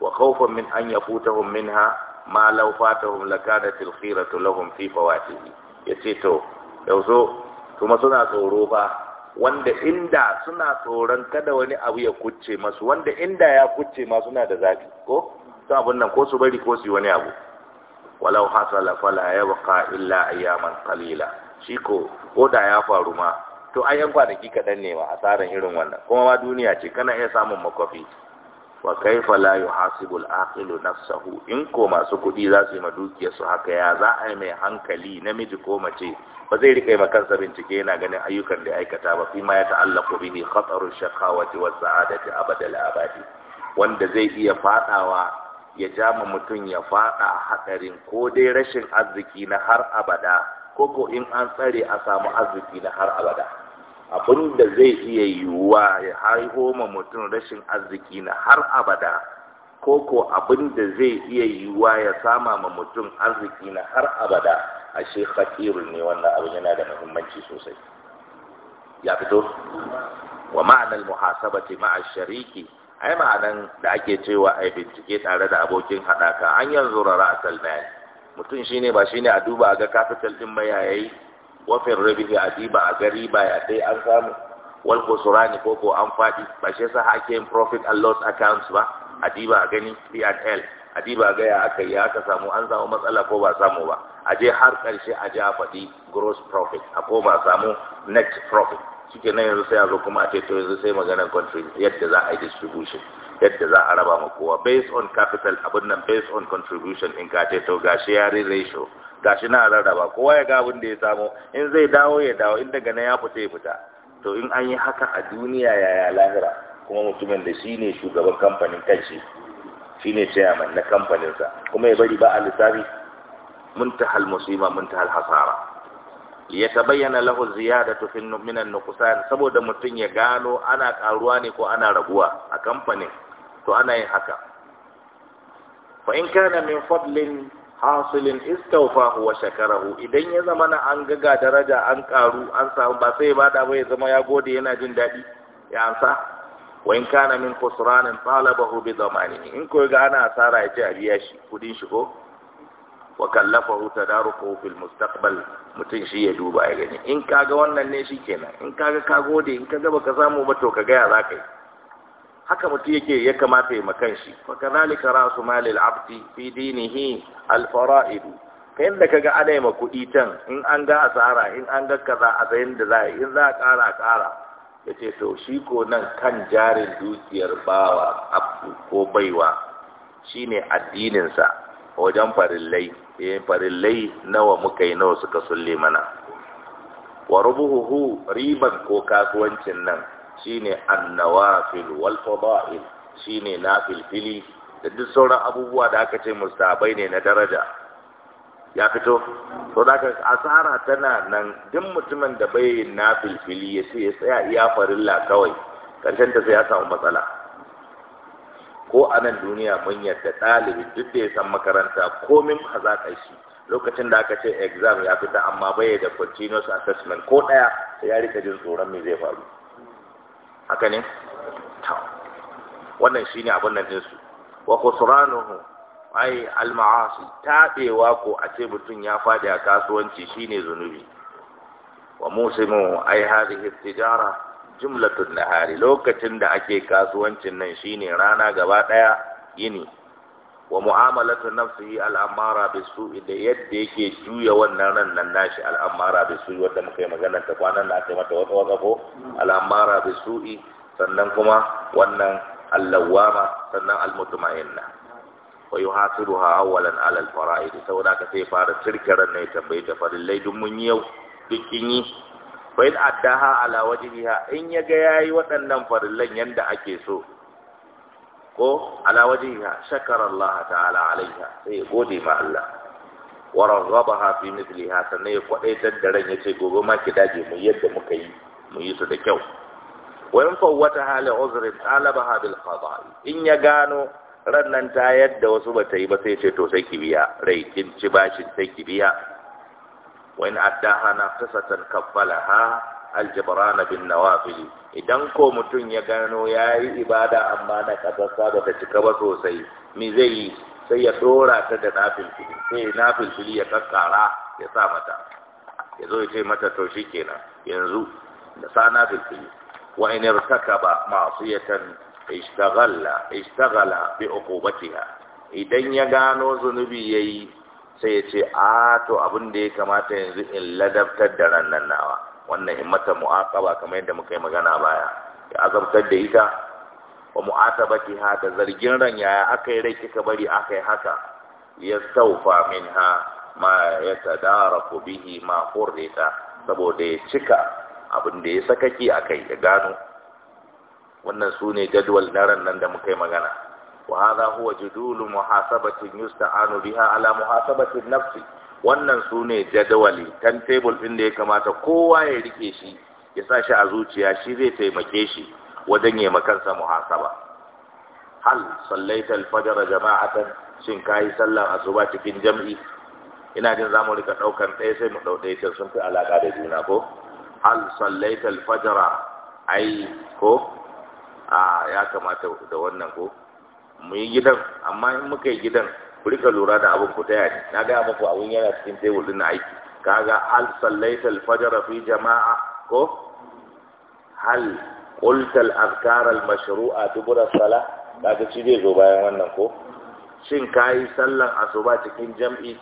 wa khawfan min an yafutahum minha ma law fatahum da fil khiratu lahum fi fawatihi yace to yauzo kuma suna tsoro ba. wanda inda suna tsoron kada wani abu ya kucce masu wanda inda ya kucce ma suna da zafi ko to abun nan ko su bari ko su yi wani abu walau hasala fala yabqa illa ayyaman qalila shi ko koda ya faru ma to ai yan kwanaki kadan ne ma asaran irin wannan kuma ma duniya ce kana iya samun makwafi wa kaifa la yuhasibu al-aqilu nafsahu in ko masu kudi za su yi ma dukiyar su haka ya za a yi mai hankali namiji ko mace ba zai rike ma kansa bincike yana ganin ayyukan da aikata ba fi ma ya ta'allaqu bihi khataru shaqawati wa sa'adati abadal abadi wanda zai iya fadawa ya ja ma mutum ya fada hadarin ko dai rashin arziki na har abada ko ko in an tsare a samu arziki na har abada abin da zai iya yiwuwa ya haiho ma mutum rashin arziki na har abada ko ko abin da zai iya yiwuwa ya sama ma mutum arziki na har abada ashe hakiru ne wannan abin yana da muhimmanci sosai ya fito wa ma'anar muhasabati ma'a shariki ai ma'anan da ake cewa ai bincike tare da abokin haɗaka an yanzu rara asal mutum shine ba shine a duba ga kafital ɗin mai yayi wafin rabihi adiba a gari ba ya dai an samu wal kusurani ko ko an faɗi ba shi yasa ake profit and loss accounts ba adiba a gani P&L adiba ga ya aka yi aka samu an samu matsala ko ba samu ba a je har karshe a je a faɗi gross profit a ko ba samu net profit suke nan yanzu sai a zo kuma a ce to yanzu sai maganar country yadda za a yi distribution yadda za a raba ma kowa based on capital abin nan based on contribution in ka ce to gashi yare ratio gashi na rarraba kowa ya ga abin da ya samu in zai dawo ya dawo in daga nan ya fita ya fita to in an yi haka a duniya yaya lahira kuma mutumin da shi ne shugaban kamfanin kanshi shi ne chairman na kamfaninsa kuma ya bari ba a lissafi muntahal musima muntahal hasara ya tabayyana lahu ziyadatu fi minan nuqsan saboda mutum ya gano ana karuwa ne ko ana raguwa a kamfanin to ana yin haka fa in kana min fadlin hasilin istawfahu wa shakarahu idan ya zama na an gaga daraja an karu an samu ba sai ba da ba ya zama ya gode yana jin daɗi ya ansa wa in kana min khusranin talabahu bi zamani in ko ga ana asara ya ce a biya shi kudin shi ko wa kallafahu tadaruku fil mustaqbal mutun shi ya duba ya gani in kaga wannan ne shikenan in kaga ka gode in kaga baka samu ba to ka ya zakai haka mutum yake ya kamata ya makan shi fa rasu malil abdi fi dinihi al fara'id kai da kaga ana yi kuɗi tan in an ga asara in an ga kaza a sayin da za a in za a ƙara ƙara ya ce to shi ko nan kan jarin dukiyar bawa abu ko baiwa shine addininsa wajen farillai eh farillai nawa muka yi nawa suka sulle mana wa rubuhu riban ko kasuwancin nan shine annawafil wal fada'il shine nafilfili da duk sauran abubuwa da aka ce mustabai ne na daraja ya fito to da asara tana nan duk mutumin da bai yin nafilfili ya ce ya tsaya iya farilla kawai karshen ta sai ya samu matsala ko a nan duniya mun yadda ɗalibi duk da ya san makaranta komin hazaƙar shi lokacin da aka ce exam ya fita amma bai da continuous assessment ko ɗaya sai ya rika jin tsoron me zai faru haka ne ta. wannan shine abin nan din su wa khusranuhu ai al-ma'asi tabewa ko a ce mutum ya fadi a kasuwanci shine zunubi wa musimu ai hadhihi tijara jumlatun nahari lokacin da ake kasuwancin nan shine rana gaba ɗaya yini wa mu'amalatu nafsihi al'amara bi su'i da yadda yake juya wannan ran nan nashi al'amara bi su'i wanda muka yi magana ta kwanan da aka yi mata wata wata ko al'amara bi su'i sannan kuma wannan allawama sannan almutma'inna wa yuhasibuha awwalan ala alfara'id saboda ka sai fara tirkaran ne tambaye ta farillai duk mun yau duk in yi fa in addaha ala wajhiha in yaga yayi waɗannan farillan yanda ake so ko ala wajiha shakara Allah ta'ala alaiha sai ya gode ma Allah wa raghabaha fi mithliha sannan ya kwadaitar da ran yace gobe ma ki dage mu yadda muka yi mu yi su da kyau wa in wata li uzri talabaha bil qada'i in ya gano ran nan ta yadda wasu ba ta yi ba sai ce to sai ki biya rai kin ci bashin sai ki biya wa in addaha nafsatan kaffalaha aljibrana bin nawafil idan ko mutum ya gano yayi ibada amma na kasasa da ta cika ba sosai me zai yi sai ya dora ta da nafil fili sai nafil fili ya kakkara ya sa mata ya zo ya ce mata to shikenan yanzu da sa nafil fili wa in irtakaba ma'siyatan ishtaghala ishtaghala bi uqubatiha idan ya gano zunubi yayi sai ya ce a to abin da ya kamata yanzu in ladabtar da rannan nawa wannan in mu'aqaba kamar yadda muka yi magana baya ya azabtar da ita wa mu'atabati ha da zargin ran yaya akai rai kika bari akai haka ya saufa minha ma ya tadaraku bihi ma hurrita saboda ya cika abin da ya sakaki akai ya gano wannan sune ne jadwal na ran nan da muka yi magana wa hadha huwa jadulu muhasabatin yusta'anu biha ala muhasabati nafsi wannan su ne jadawali tan tebul ɗin da ya kamata kowa ya rike shi ya sa shi a zuciya shi zai taimake shi wajen yi makansa muhasaba hal sallaita jama'a jama'atan shin yi sallar asuba cikin jam'i ina jin zamu rika daukan ɗaya sai mu dau ɗaya sun fi alaka da juna ko hal sallaita alfajr ai ko a ya kamata da wannan ko mu yi gidan amma in muka yi gidan ku rika lura da abin ku taya ni na gaya muku abin yana cikin tebul din aiki kaga hal sallaita al-fajr fi jama'a ko hal qulta al-azkar al-mashru'a dubura sala kaga shi zai zo bayan wannan ko shin kai sallan asuba cikin jam'i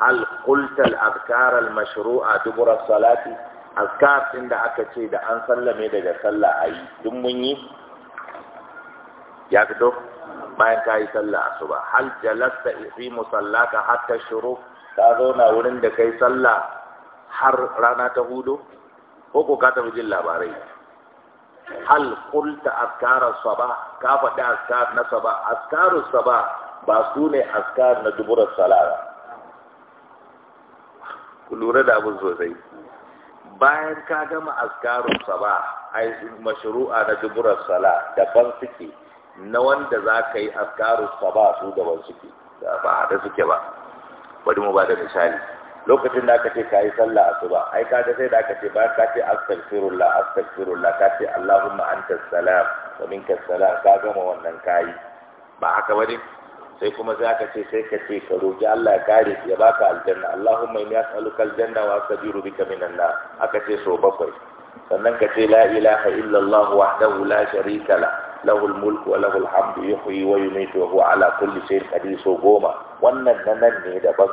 hal qulta al-azkar al-mashru'a dubura salati azkar din da aka ce da an sallame daga sallah ayi duk mun yi ya fito bayan ka yi sallah asuba hal jalasta fi musallaka hatta shuru ka zauna wurin da kai sallah har rana ta hudu ko ko ka tafi jin labarai hal qulta azkara sabah ka faɗi azkar na sabah azkaru sabah ba su ne azkar na duburar salara ku lura da abin sosai bayan ka gama azkarun sabah ai mashru'a na duburar sala daban suke na wanda za ka yi askaru saba su gaban suke da ba da suke ba bari mu ba da misali lokacin da aka ce ka yi sallah asuba ai ka sai da aka ce ba ka ce astaghfirullah astaghfirullah ka ce allahumma anta salam wa minka salam ka gama wannan kayi ba haka bane sai kuma za ka ce sai ka ce ka roki Allah ya kare ya baka aljanna allahumma inni as'aluka aljanna wa astaghfiru bika minan nar aka ce so bakwai sannan ka ce la ilaha illallah wahdahu la sharika la له الملك وله الحمد يحيي ويميت وهو على كل شيء قدير so goma wannan na nan ne daban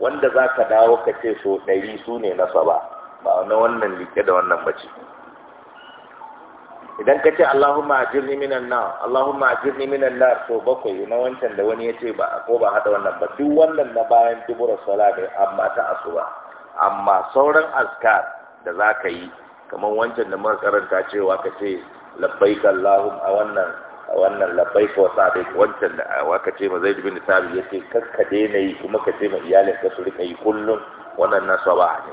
wanda zaka dawo ka ce so ɗari su ne na saba ba na wannan like da wannan bace idan ka ce Allahumma ajirni minan nar Allahumma ajirni minan nar so bakwai na wancan da wani ya ce ba ko ba hada wannan ba duk wannan na bayan dubura sala ne amma ta asuba amma sauran askar da zaka yi kamar wancan da muka karanta cewa ka ce labbaik allahum a wannan a wannan labbaik wa sadiq wancan da waka ce ma zaid bin sabi yace kakka daina yi kuma ka ce ma iyalin ka su rika yi kullum wannan na sabah ne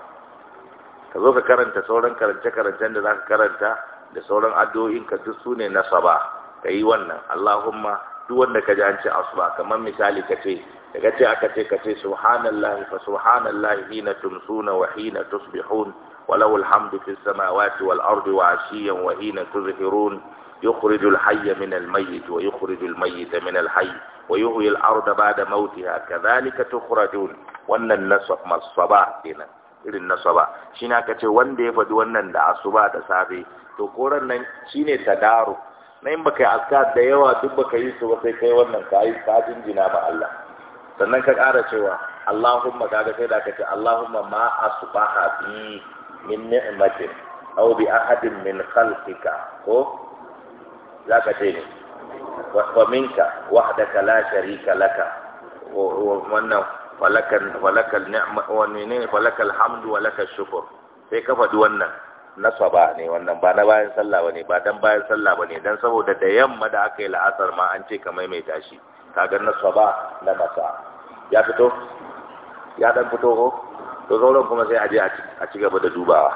ka zo ka karanta sauran karance karancen da zaka karanta da sauran addu'o'in ka duk su ne na sabah ka yi wannan allahumma duk wanda ka ji an ce asuba kamar misali ka ce daga ce aka ce ka ce subhanallahi fa subhanallahi hina tumsuna wa hina tusbihun وله الحمد في السماوات والأرض وعشيا وحين تظهرون يخرج الحي من الميت ويخرج الميت من الحي ويهوي الأرض بعد موتها كذلك تخرجون وأن النصب ما الصباح كنا irin na saba shi na ka ce wanda ya faɗi wannan da asuba da safe to koran nan shi ne tadaro na in baka yi aska da yawa duk baka yi su ba sai kai wannan ka yi ka jinjina ba Allah sannan ka ƙara cewa Allahumma kaga sai da ka ce Allahumma ma asubaha biyu. min ni'matin aw bi ahadin min khalqika ko zaka ce ne wa minka wahdaka la sharika laka wannan falakal falakal ni'ma wa menene falakal hamdu wa shukr sai ka faɗi wannan nasaba ne wannan ba na bayan sallah bane ba dan bayan sallah bane dan saboda da yamma da aka yi la'asar ma an ce ka maimaita shi kaga nasaba na masa ya fito ya dan fito ko to sauran kuma sai a je a ci gaba da dubawa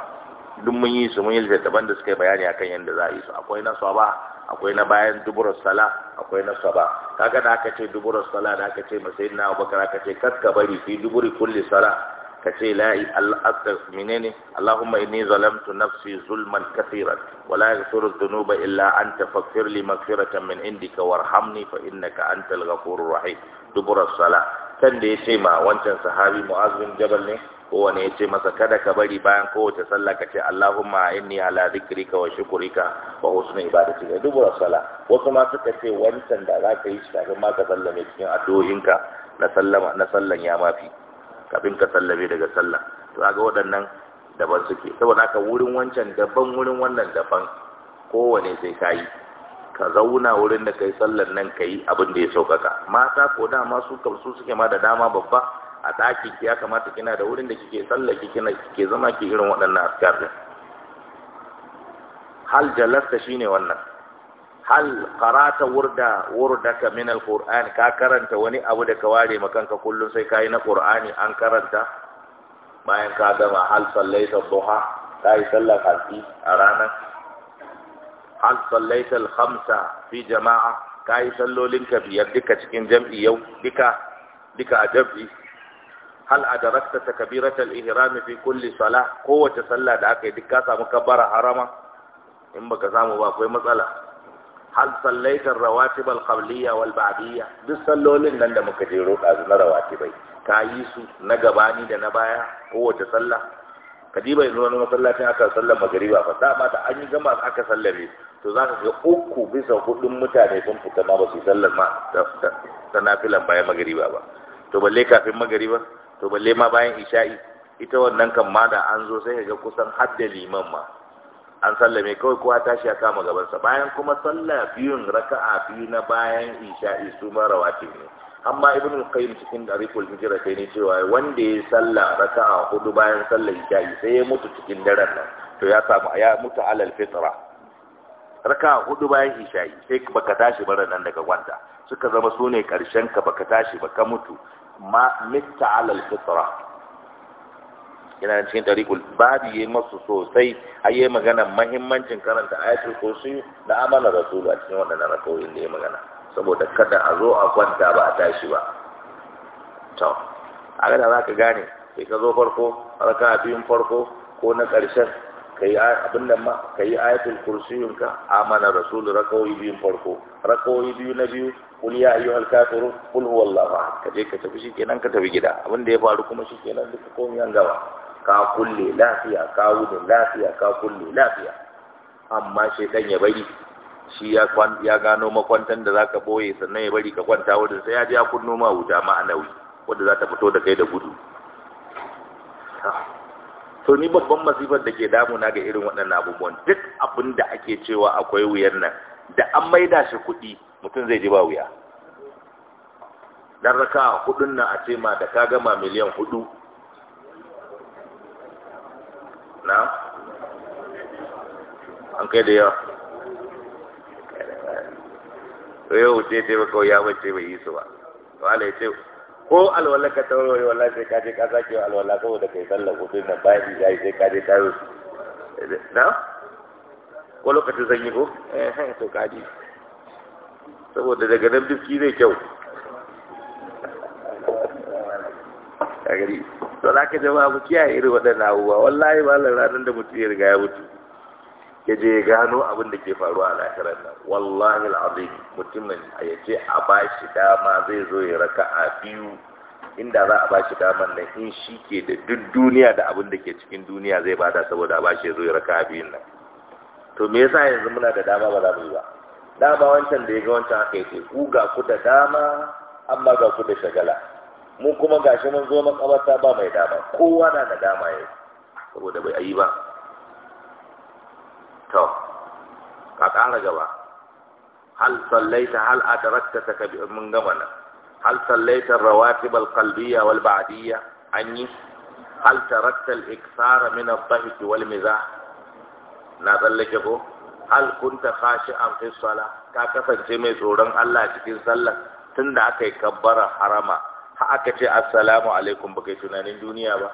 duk mun yi su mun yi littattafan da suka yi bayani akan yadda za a yi su akwai na saba akwai na bayan duburar sala akwai na saba kaga da aka ce duburar sala da aka ce masai na abubakar aka ce kaska bari fi duburi kulli sala ka ce la al'asaf menene allahumma inni zalamtu nafsi zulman kafiran wa la yaghfiru dhunuba illa anta faghfir li maghfiratan min indika warhamni fa innaka antal ghafurur rahim duburar sala kan da ya ce ma wancan sahabi mu'azin jabal ne kowane ya ce masa kada ka bari bayan kowace sallah ka ce Allahumma inni ala zikrika wa shukrika wa husni ibadatika dubura sala wasu ma suka ce wancan da za ka yi shi kafin ma ka sallame cikin addu'o'inka na sallama na sallan ya mafi kafin ka sallame daga sallah to kaga waɗannan daban suke saboda haka wurin wancan daban wurin wannan daban kowane sai ka yi ka zauna wurin da kai sallan nan ka yi abin da ya saukaka mata ko dama su kamsu suke ma da dama babba a ɗaki ki ya kamata kina da wurin da kike sallah ki kina kike zama ki irin waɗannan askar din hal jalasta shine wannan hal qarata wurda wurdaka min alquran ka karanta wani abu da ka ware makanka kullun sai kai na qur'ani an karanta bayan ka gama hal sallaita duha kai sallar kafi a ranar hal sallaita alkhamsa fi jama'a kai sallolin ka biyar duka cikin jam'i yau duka duka a jam'i hal adarakta takbiratul ihram fi kulli salah kowace sallah da aka yi duk ka samu kabbara harama in baka samu ba akwai matsala hal sallaita rawatib al qabliyya duk sallolin nan da muka je dazu na rawatibai ka yi su na gabani da na baya kowace sallah kadiba yanzu wani masallacin aka sallar magariba fa da ba da an yi gama aka sallare to za ka uku bisa kuɗin mutane sun fita su sallar ma bayan magariba ba to balle kafin magariba to balle ma bayan isha'i ita wannan kan ma da an zo sai ga kusan hadda liman ma an sallame kawai kowa tashi ya kama gabansa bayan kuma sallah biyun raka'a biyu na bayan isha'i su ma ne amma ibnu qayyim cikin darikul hijra sai ne cewa wanda ya sallah raka'a hudu bayan sallah isha'i sai ya mutu cikin daren nan to ya samu ya mutu alal fitra raka'a hudu bayan isha'i sai baka tashi bara nan daga kwanta suka zama sune karshen ka baka tashi baka mutu ma mitta alal fitra yana cikin tariqul babi yayi masu sosai ayi magana mahimmancin karanta ayatul kursi da amana rasulu a cikin wannan rakawoyin da yayi magana saboda kada a zo a kwanta ba a tashi ba to a ga da za ka gane sai ka zo farko raka biyun farko ko na ƙarshen kai abin nan ma kai ayatul kursiyunka amana rasulu rakawoyi biyun farko rakawoyi biyu na biyu qul ya ayyuhal kafirun qul huwallahu ahad kaje ka tafi shikenan ka tafi gida abin da ya faru kuma shikenan duka komai an gaba ka kulle lafiya ka wuce lafiya ka kulle lafiya amma dan ya bari shi ya ya gano makwantan da zaka boye sannan ya bari ka kwanta wurin sai ya ji ya kunno ma wuta anawi wanda za ta fito da kai da gudu to ni babban masifar da ke damuna ga irin waɗannan abubuwan duk abin da ake cewa akwai wuyar nan da an maida shi kuɗi mutum zai ji ba wuya dan raka hudun nan a ce ma da ka gama miliyan hudu na an kai da yawa yau ce ce ba kawai ya bace bai yi su ba wala ya ce ko alwala ka taurari wala sai ka je ka sake alwala saboda kai sallar hudun nan bayan ya yi sai ka je ka yi na ko lokacin yi ko eh to kaji saboda daga nan biski zai kyau to za ka jama'a mu kiyaye irin waɗannan abubuwa wallahi malam ranar da mutum ya riga ya mutu ya je ya gano abin da ke faruwa a lakarar nan wallahi al'adun mutumin ya ce a ba shi dama zai zo ya raka a biyu inda za a ba shi damar nan in shi ke da duk duniya da abin da ke cikin duniya zai bada saboda ba shi zo ya raka a biyun nan to me yasa yanzu muna da dama ba za mu yi ba dama wancan da ya ga wancan haka yake ku ga ku da dama amma ga ku da shagala mu kuma gashi mun zo makabarta ba mai dama kowa na da dama yau, saboda bai ayi ba to ka ƙara gaba hal sallaita hal adrakta takabi mun gama nan hal sallaita rawatib alqalbiyya wal ba'diyya an yi hal tarakta al-iksara min ad-dhahik wal mizah na tsallake ko hal kunta an fi sala ka kasance mai tsoron Allah cikin sallah tunda aka yi kabbara harama ha aka ce assalamu alaikum baka kai tunanin duniya ba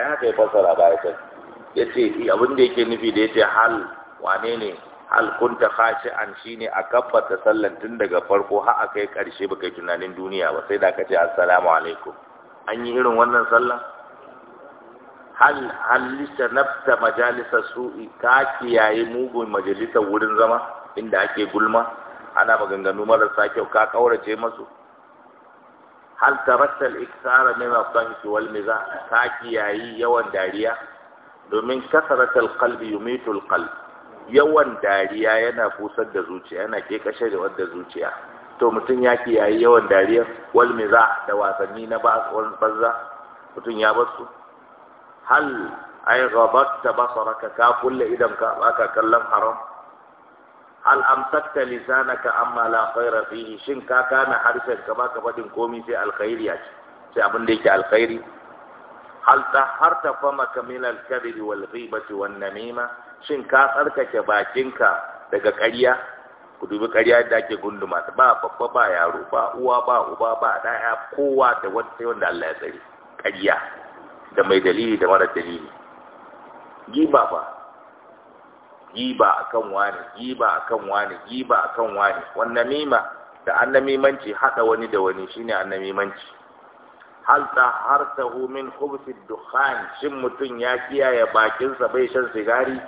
ai haka ya fassara ba ya yace abin da yake nufi da yace hal wane ne hal kunta khashi'an shine a kabbata sallar tun daga farko ha aka yi karshe baka kai tunanin duniya ba sai da aka ce assalamu alaikum an yi irin wannan sallah hal halitta nafta majalisa su'i ka kiyaye mugun majalisa wurin zama inda ake gulma ana maganganu marasa kyau ka kaurace masu hal tarasta al-iksara min al dhahi wal mizah ka kiyaye yawan dariya domin kasarat al-qalbi yumitu al-qalb yawan dariya yana busar da zuciya yana ke kashe da wadda zuciya to mutum ya kiyaye yawan dariya wal mizah da wasanni na banza mutum ya bar su hal ai ghabatta basaraka ka kulle idan ka baka kallon haram hal amsakta lisanaka amma la khaira fihi shin ka kana harshen ka baka fadin komai sai alkhairi ya ce sai abin da yake alkhairi hal ta taharta famaka min al-kadhib wal ghibati wan namima shin ka tsarkake bakinka daga ƙarya ku dubi ƙarya da ake gunduma ta ba babba ba yaro ba uwa ba uba ba ɗaya kowa da wata wanda Allah ya tsare ƙarya da mai dalili da mara dalili giba ba giba akan wani giba akan wani giba akan wani wannan mima da annamimanci hada wani da wani shine annamimanci hal ta harsahu min khubsi dukhan shin mutun ya kiyaye bakinsa bai shan sigari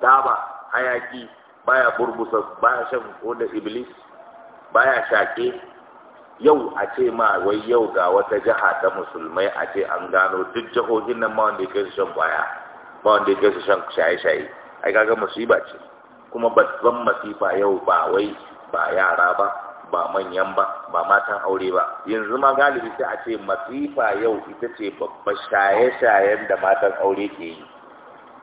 taba hayaki baya burbusa baya shan ko da iblis baya shake yau a ce ma wai yau ga wata jiha ta musulmai a ce an gano duk jihohin nan ma wanda ya kai shan kwaya ba wanda ya kai shan shaye-shaye ai kaga musiba ce kuma babban masifa yau ba wai ba yara ba ba manyan ba ba matan aure ba yanzu ma galibi sai a ce masifa yau ita ce babba shaye-shayen da matan aure ke yi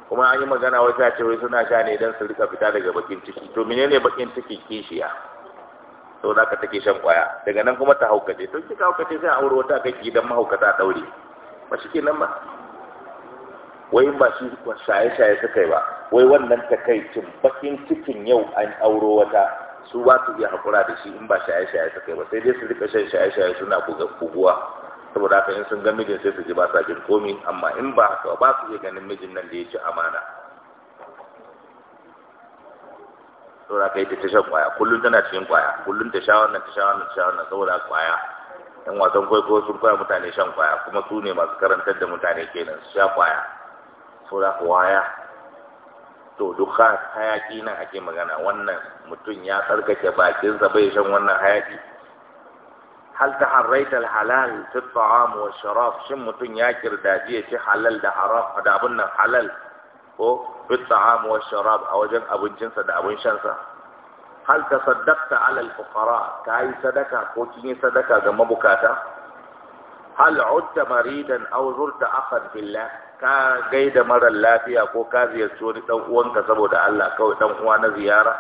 kuma an yi magana wata ce wai suna sha ne don su rika fita daga bakin ciki to menene bakin ciki kishiya sau da ka take shan kwaya daga nan kuma ta haukace to kika haukace sai a aure wata kai gidan mahaukata a daure ba shi kenan ba wai ba shi shaye-shaye suka yi ba wai wannan ta kai takaicin bakin cikin yau an auro wata su ba su iya haƙura da shi in ba shaye-shaye suka yi ba sai dai su rika shan shaye-shaye suna buguwa saboda haka in sun ga mijin sai su ji ba sa jin komi amma in ba haka ba su iya ganin mijin nan da ya ci amana saboda kai ta tashar kwaya kullum tana cikin kwaya kullum ta sha wannan ta sha wannan ta sha wannan saboda kwaya yan wasan kwaikwayo sun koya mutane shan kwaya kuma su ne masu karantar da mutane kenan su sha kwaya saboda kwaya to duk hayaki nan ake magana wannan mutum ya tsarkake bakinsa bai shan wannan hayaki hal ta harraita halal fi ta'am wa sharaf shin mutum ya kirdaji ya ci halal da haram da abin nan halal ko fi wa sharab a wajen abincinsa da abin shansa hal ka saddaqta ala al-fuqara ka yi sadaka ko kin yi sadaka ga mabukata hal utta maridan aw zurta akhan billah ka gaida mara lafiya ko ka ziyarci wani dan uwanka saboda Allah kawai dan uwa na ziyara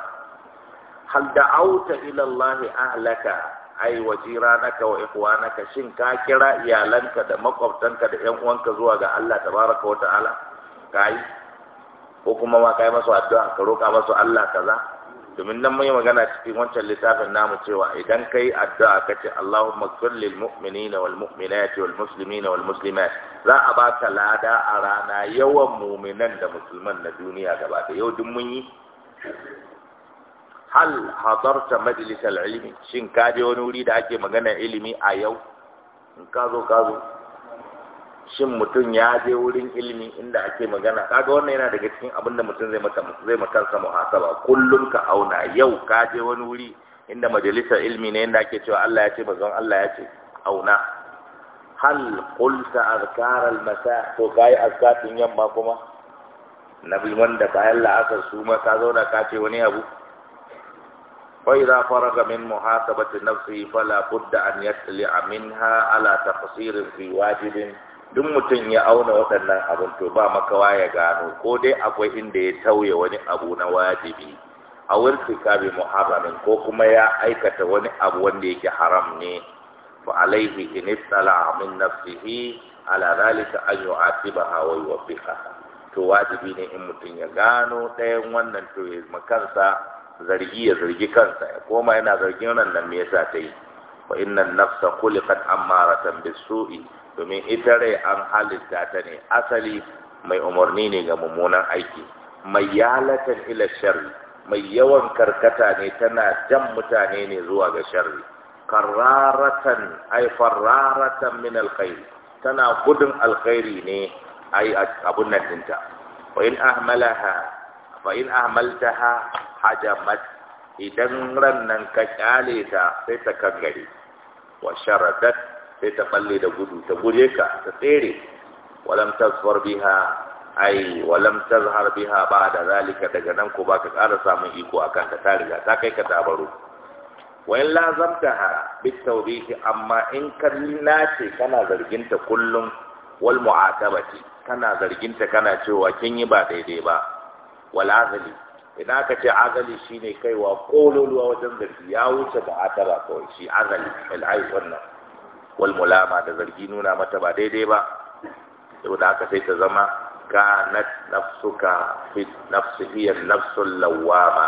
hal auta ila Allah ahlaka ai wa jiranaka wa ikhwanaka shin ka kira iyalanka da makwabtanka da ƴan uwanka zuwa ga Allah tabaraka wa ta'ala kai ko kuma ma kai masu addu'a ka roƙa masu Allah kaza domin nan mun yi magana cikin wancan littafin namu cewa idan kai addu'a ka ce Allahumma qul lil mu'minina wal mu'minati wal muslimina wal muslimat za a baka lada a rana yawan mu'minan da musulman na duniya gaba da yau duk mun yi hal hadarta majlisal ilmi shin ka je wani wuri da ake magana ilimi a yau in ka zo ka zo shin mutum ya je wurin ilimi inda ake magana kaga wannan yana daga cikin abin da mutum zai mata zai makansa kullum ka auna yau ka je wani wuri inda majalisar ilimi ne inda ake cewa Allah ya ce manzon Allah ya ce auna hal qulta azkar al masa to kai azkatin yamma kuma nabi wanda yalla la'asar su ma ka zauna ka ce wani abu فإذا faraga min muhasabati nafsi fala budda an يطلع منها ala تقصير fi wajibin duk mutum ya auna waɗannan abin to ba makawa ya gano ko dai akwai inda ya tauye wani abu na wajibi a wurin bi muharramin ko kuma ya aikata wani abu wanda yake haram ne fa alaihi in istala min nafsihi ala zalika an yu'atibaha wa yuwaffiqaha to wajibi ne in mutum ya gano ɗayan wannan to ya makansa zargi ya zargi kansa ya koma yana zargin wannan me yasa ta yi fa innan nafsa khuliqat ammaratan bisu'i domin ita rai an halitta ta ne asali mai umarni ne ga mummunan aiki mai yalatan ila sharri mai yawan karkata ne tana jan mutane ne zuwa ga sharri kararatan ay fararatan min alkhair tana gudun alkhairi ne ai abun nan dinta in ahmalaha fa in ahmaltaha hajamat idan ran nan ka kyale ta sai ta kangare wa sharadat sai ta balle da gudu ta gure ka ta tsere walam tasfar biha ai walam tazhar biha ba'da zalika daga nan ko ka ƙara samun iko a ka ta riga ta kai ka tabaro wa in lazamtaha bitawbihi amma in kallina ce kana zarginta kullum wal mu'atabati kana zarginta kana cewa kin yi ba daidai ba wal azali idan aka ce azali shine kaiwa kololuwa wajen zargi ya wuce mu'ataba kawai shi azali al wannan walmulama da zargi nuna mata ba daidai ba saboda haka sai ta zama kanat nafsuka fi nafsi ba nafsul lawama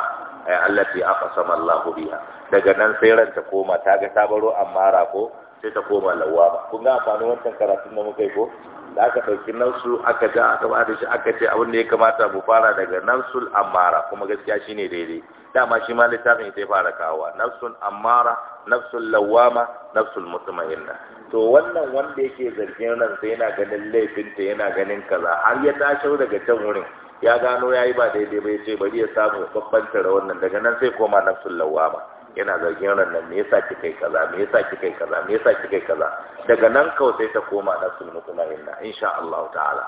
ay allati aqsama Allahu biha daga nan sai ta koma ta ga ta baro rako ko sai ta koma lawama kun ga amfani wancan karatun da muka yi ko da aka ɗauki nafsu aka ja aka ba da shi aka ce abin da ya kamata mu fara daga nafsul amara kuma gaskiya shine daidai dama shi ma littafin sai fara kawowa nafsul amara nafsul lawama nafsul mutmainna to wannan wanda yake zargin nan yana ganin laifinta yana ganin kaza har ya tashi daga can wurin ya gano yayi ba daidai ba yace bari ya samu babbanta wannan daga nan sai koma nafsul lawama yana zargin ranar, nan me yasa kika yi kaza me yasa kika yi kaza me yasa kika yi kaza daga nan kawai sai ta koma na sun mutmainna insha Allah ta'ala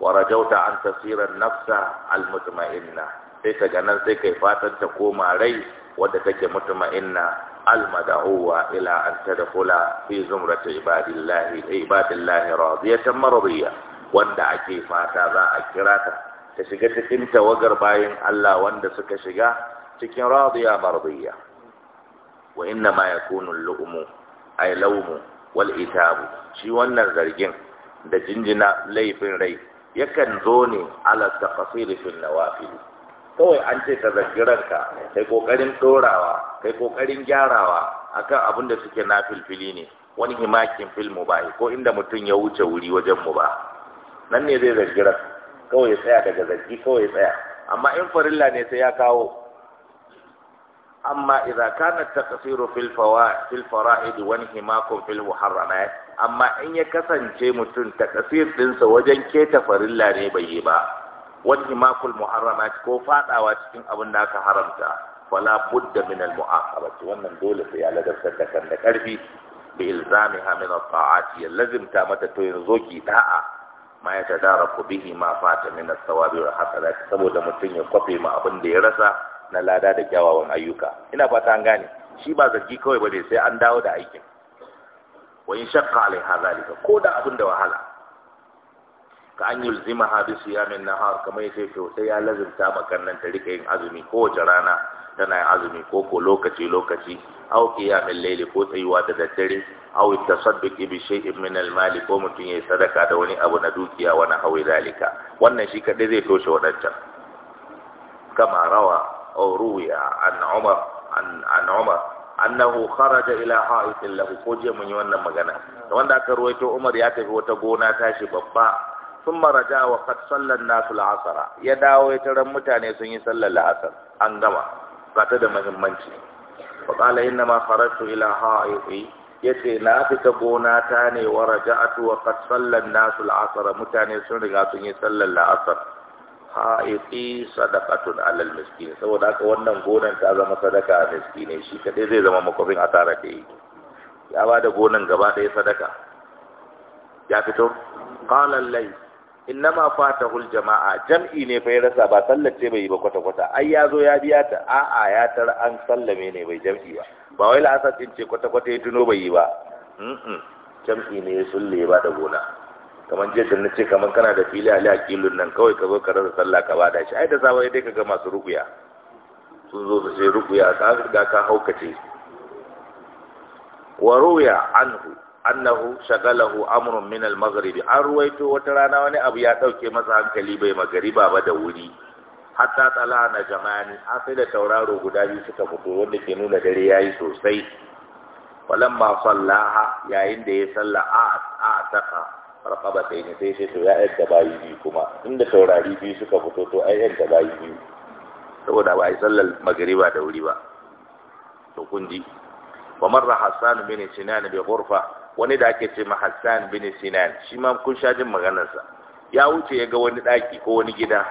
wa rajauta an tasira nafsa al mutmainna sai daga nan sai kai fatan ta koma rai wadda take mutmainna al madahuwa ila an tadkhula fi zumrati ibadillahi ibadillahi radiyatan maradiyya wanda ake fata za a kira ta ta shiga cikin tawagar bayan Allah wanda suka shiga cikin radiya maradiyya wa inna ma yakunu lu'mu ay lawmu wal itabu shi wannan zargin da jinjina laifin rai yakan zo ne ala taqsir fil nawafil kawai an ce ka zargi kai kokarin dorawa kai kokarin gyarawa akan abin da suke nafilfili ne wani himakin fil mubahi ko inda mutum ya wuce wuri wajen ba. nan ne zai zargi kawai tsaya daga zargi kawai tsaya amma in farilla ne sai ya kawo amma idza kana taqsiru fil fawaid fil fara'id wa inhimakum fil muharramat amma in ya kasance mutum taqsir ɗinsa wajen keta farilla ne bai yi ba wa inhimakul muharramat ko fadawa cikin abin da aka haramta fala budda min al mu'aqabati wannan dole sai ya ladabtar da kan da karfi bi ilzamiha min al ta'ati ya lazimta mata to yanzu ki da'a ma ya tadaraku bihi ma fata min al thawabi wa hasanat saboda mutum ya kwafe ma abin da ya rasa na lada da kyawawan ayyuka ina fata an gane shi ba zargi kawai ba ne sai an dawo da aikin wani shakka alai har zalika ko da abin da wahala ka an yulzima ha bi na har kamar yace to sai ya lazimta makarnan ta rika yin azumi ko wace rana tana yin azumi ko ko lokaci lokaci ya min laili ko tsayuwa da daddare aw tasadduqi bi in min almali mali ko ya yi sadaka da wani abu na dukiya wani hawi zalika wannan shi kaɗai zai toshe wadancan kama rawa أو روي عن عمر عن عن عمر annahu kharaja ila ha'itin ko je yi wannan magana Da wanda aka ruwaito Umar ya tafi wata gona tashi babba sun maraja wa qad sallan nasu al'asara ya dawo ya taran mutane sun yi sallar la'asar an gama ba da muhimmanci wa qala inna ma kharajtu ila ha'iti yace na fita gona ta ne wa raja'atu wa qad sallan nasu al'asara mutane sun riga sun yi sallar la'asar haiti sadaqatun alal miskin saboda haka wannan gonan ta zama sadaka a miskine shi kadai zai zama makwabin tara da yi ya ba da gonan gaba ɗaya sadaka ya fito inna ma fata hul jama'a jam'i ne fa ya rasa ba sallace bai yi ba kwata kwata ai ya zo ya biya ta a'a ya tar an sallame ne bai jam'i ba ba wai la'asar ce kwata kwata ya tuno bai yi ba jam'i ne ya sulle ba da gona kamar jiya na ce, kamar kana da fili a kilun nan kawai ka zo ka rasa sallah ka bada shi ai da sabai dai ga masu rukuya sun zo su sai rukuya ta riga ka haukace wa ruya anhu annahu shagalahu amrun min al maghrib an ruwaito wata rana wani abu ya dauke masa hankali bai magari ba da wuri hatta tsala na jama'ani har sai da tauraro guda biyu suka fito wanda ke nuna dare yayi sosai walamma sallaha yayin da ya salla a a saka raqaba sai ne sai sai to ya yadda bayi biyu kuma inda taurari biyu suka fito to ai yadda bayi biyu saboda ba ai sallar magriba da wuri ba to kun ji wa marra hasan bin sinan bi ghurfa wani da ake ce ma hasan bin sinan shi ma kun sha jin maganar sa ya wuce ya ga wani daki ko wani gida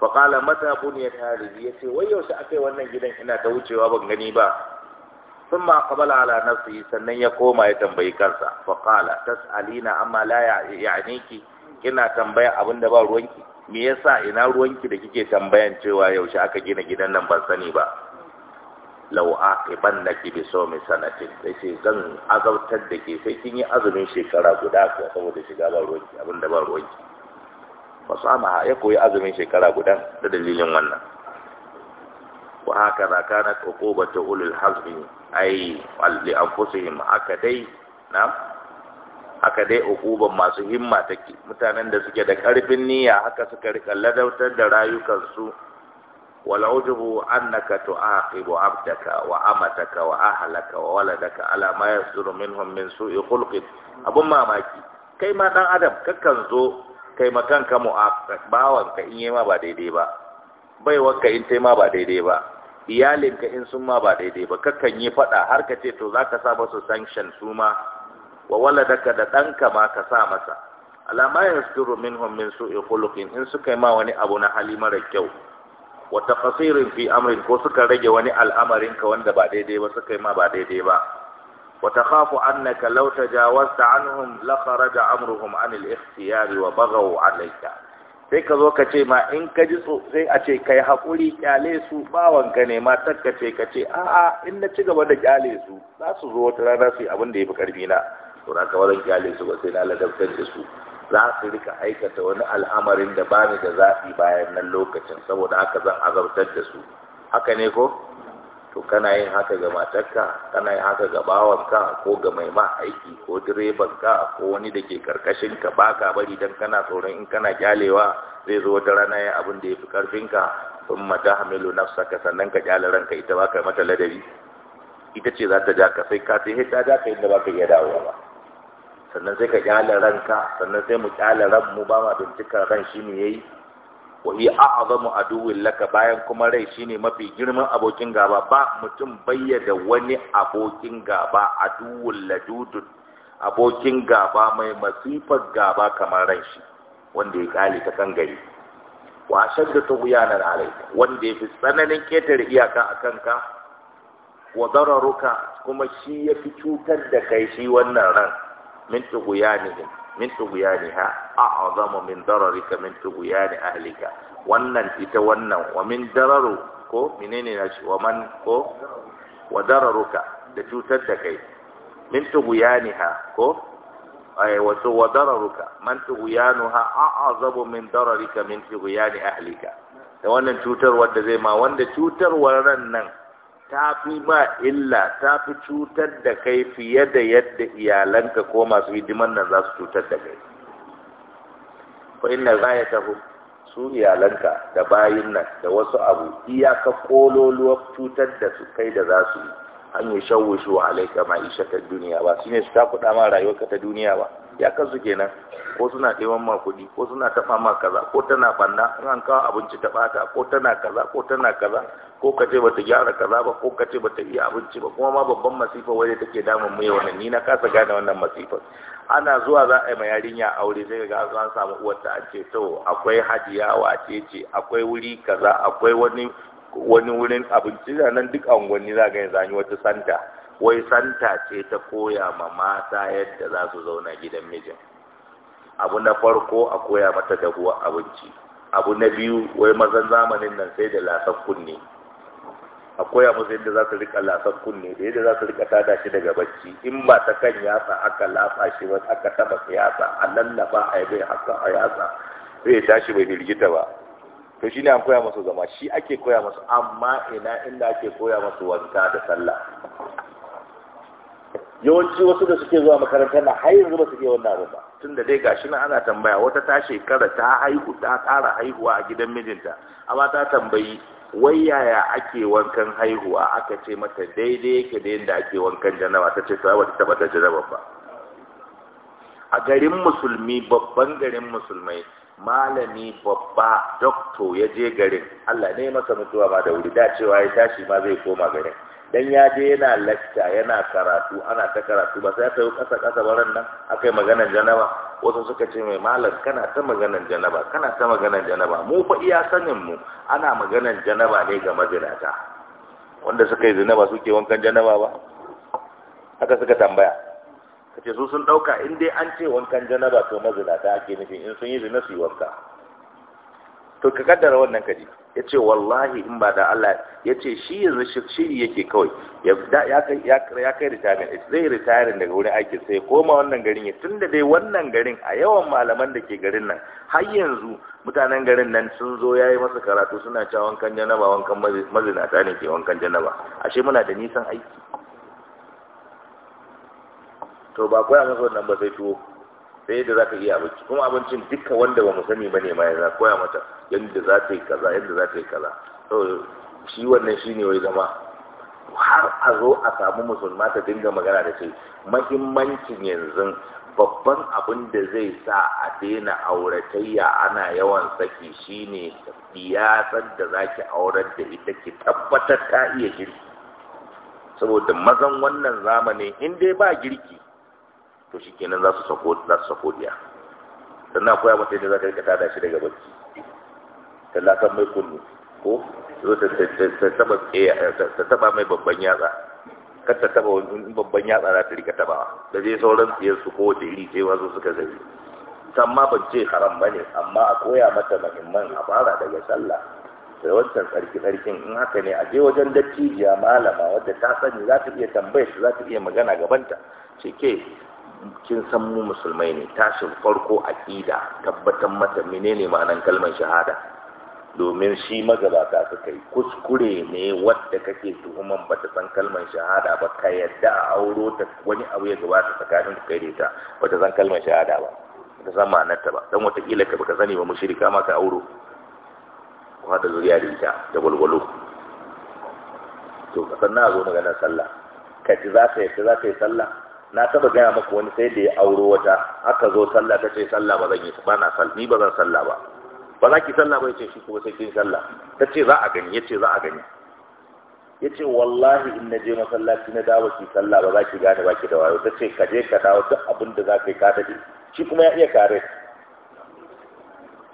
fa qala mata buniyat hadhihi yace wai yaushe akai wannan gidan ina ta wucewa ban gani ba sun ma kabala ala nafsi sannan ya koma ya tambayi kansa faƙala tas'alina amma la ya ki kina tambaya abin ba ruwanki me yasa ina ruwanki da kike tambayan cewa yaushe aka gina gidan nan ban sani ba lau a iban na ki biso mai sanatin da ce zan azautar da ke sai kin yi azumin shekara guda ko saboda shiga ba ruwanki ba ruwanki ba su ya koyi azumin shekara guda da dalilin wannan وهكذا كانت عقوبة أولي الحزم أي لأنفسهم هكذا نعم haka dai ukuban masu himma take mutanen da suke da karfin niyya haka suka rika ladautar da rayukansu wal ujbu annaka tu'aqibu 'abdaka wa amataka wa ahlaka wa waladaka ala ma yasduru minhum min su'i khulqik abun mamaki kai ma dan adam kakan zo kai makanka mu'aqab bawanka in yema ba daidai ba baiwarka in ta ma ba daidai ba iyalinka in sun ma ba daidai ba kakan yi faɗa har ka ce to za ka sa masu sanction su ma wa waladaka da ɗanka ma ka sa masa alama yasduru minhum min su'i khuluqin in suka yi ma wani abu na hali mara kyau wa taqsirin fi amrin ko suka rage wani al'amarin ka wanda ba daidai ba suka yi ma ba daidai ba wa takhafu annaka law tajawazta anhum la kharaja amruhum anil ikhtiyari wa baghaw alayka sai ka zo ka ce ma in ka ji sai a ce ka yi haƙuri ƙyale su bawanka ne ma ce ka ce a'a in na ci gaba da ƙyale su za su zo wata rana su yi abin da ya fi ƙarfi na to na ka wajen ƙyale su ba sai na ladabtar da su za su rika aikata wani al'amarin da ba ni da zaɓi bayan nan lokacin saboda haka zan azabtar da su haka ne ko to kana yin haka ga matarka kana yin haka ga bawanka ko ga mai ma aiki ko direbanka ko wani da ke karkashinka ba ka bari don kana tsoron in kana kyalewa zai zo wata rana yin abin da ya fi karfinka sun mata hamilu nafsaka sannan ka kyale ranka ita ba ka mata ladabi ita ce za ta ja ka sai ka sai ta ja ka inda ba ka iya dawowa ba sannan sai ka kyale ranka sannan sai mu kyale ranmu ba ma bincika ran shi ne yayi wa hi a'zamu aduwwin laka bayan kuma rai shine mafi girman abokin gaba ba mutum bayyada wani abokin gaba aduwwul ladudun, abokin gaba mai masifar gaba kamar rai, shi wanda ya kale ta kan gari wa shadda tughyanan alai wanda ya fi tsananin ketar iyaka akan ka wa dararuka kuma shi ya fi cutar da kai shi wannan ran min ne. min tughyaniha a'zamu min dararika min tughyani ahlika wannan ita wannan wa min dararu ko menene na shi wa man ko wa dararuka da cutar da kai min tughyaniha ko ay wa su wa dararuka man tughyanuha a'zamu min dararika min tughyani ahlika da wannan cutarwar da zai ma wanda cutarwar nan ta fi ba illa ta fi cutar da kai fiye da yadda iyalanka ko masu hidiman nan za su cutar da kai ko inna tafi su iyalanka da bayin nan da wasu abu iyaka kololuwa cutar da su kai da za su yi an yi wa alaika ta duniya ba shine su takuɗa ma rayuwarka ta duniya ba ya kansu kenan ko suna ɗewan ma kuɗi ko suna taɓa ma kaza ko tana banna in an kawo abinci ta ɓata ko tana kaza ko tana kaza ko ka ce bata gyara kaza ba ko ka ce bata iya abinci ba kuma ma babban masifa wadda take damun mu yau ni na kasa gane wannan masifa ana zuwa za a yi ma yarinya aure sai ga an samu uwarta an ce to akwai hajiya wace ce akwai wuri kaza akwai wani wani wurin abinci da nan duk unguwanni za ga yanzu an yi wata santa wai santa ce ta koya ma mata yadda za su zauna gidan mijin abu na farko a koya mata dahuwa abinci abu na biyu wai mazan zamanin nan sai da lasar kunne a koya musu yadda za su rika lasar kunne da yadda za su rika tada shi daga bacci in ba ta kan yatsa aka lasa shi ba aka taba yatsa a lallaba a yi bai haka a yatsa zai tashi bai firgita ba to shine an koya masa zama shi ake koya masu amma ina inda ake koya masu wanka da sallah yawanci wasu da suke zuwa makarantar na har yanzu ba su ke wannan abin ba tun da dai gashi nan ana tambaya wata ta shekara ta haihu ta ƙara haihuwa a gidan mijinta amma ta tambayi wai yaya ake wankan haihuwa aka ce mata daidai yake da yadda ake wankan janaba ta ce ta bata taba ta janaba ba a garin musulmi babban garin musulmai malami babba dokto ya je garin Allah ne masa mutuwa ba da wuri da cewa ya tashi ma zai koma garin dan ya je yana lakta yana karatu ana ta karatu ba sai ta yi kasa kasa baran nan akai maganar janaba wasu suka ce mai malam kana ta maganar janaba kana ta maganar janaba mu fa iya sanin mu ana maganar janaba ne ga mazinata wanda suka yi zinaba suke wankan janaba ba haka suka tambaya Ka su sun ɗauka, in dai an ce wankan janaba to mazinata ake nufin in sun yi zina su yi wanka to ka kaddara wannan kaji ce wallahi in ba da Allah ya ce shi yanzu shiri yake kawai ya kai ya zai retire daga wurin aikin sai koma wannan garin ya tunda dai wannan garin a yawan malaman da ke garin nan har yanzu mutanen garin nan sun zo ya yi masa karatu suna cewa wankan janaba wankan mazinata ne ke wankan janaba ashe muna da nisan aiki to ba koya masa wannan ba sai tuwo sai yadda za iya abinci kuma abincin duka wanda ba mu sani ba ne ma ya koya mata yadda za ta yi kaza yadda za ta yi kaza to shi wannan shi ne wai zama har a zo a samu musulma ta dinga magana da shi mahimmancin yanzu babban abin da zai sa a daina auratayya ana yawan saki shine biyasar da zaki aurar da ita ki tabbatar ta iya girki saboda mazan wannan zamanin, in dai ba girki to shi kenan za su sako za su sako diya sannan akwai abin da za ka rika tada shi daga barci tallakan mai kunu ko zo ta taba mai babban yatsa Kan ta taba wani babban yatsa za ta rika tabawa da zai sauran siyar su ko da iri sai wasu suka zai san ma ban ce haram bane amma a koya mata muhimman a fara daga sallah da wancan tsarki tsarkin in haka ne a je wajen dattijiya malama wadda ta sani za ta iya tambayar za ta iya magana gabanta ce ke kin san mu musulmai ne tashin farko aqida tabbatar mata menene ma'anan kalmar shahada domin shi magabata suka yi kuskure ne wadda kake tuhuman ba ta san kalmar shahada ba ka yadda a auro ta wani abu ya gabata tsakanin kai da ita ba ta san kalmar shahada ba ta san ma'anar ta ba dan kila ka baka sani ba mushrika ma ka auro ko hada zuriya da ita da walwalo to sannan a zo magana sallah ka ji za ka za ka yi sallah na taba gaya maka wani sai da ya auro wata aka zo sallah ta ce sallah ba zan yi ba na sallah ni ba zan sallah ba ba za ki sallah ba yace shi kuma sai kin sallah ta ce za a gani yace za a gani yace wallahi in na je masallaci na dawo ki sallah ba za ki gane ba ki da wayo ta ce ka je ka dawo duk abin da za ka yi ka dade shi kuma ya iya kare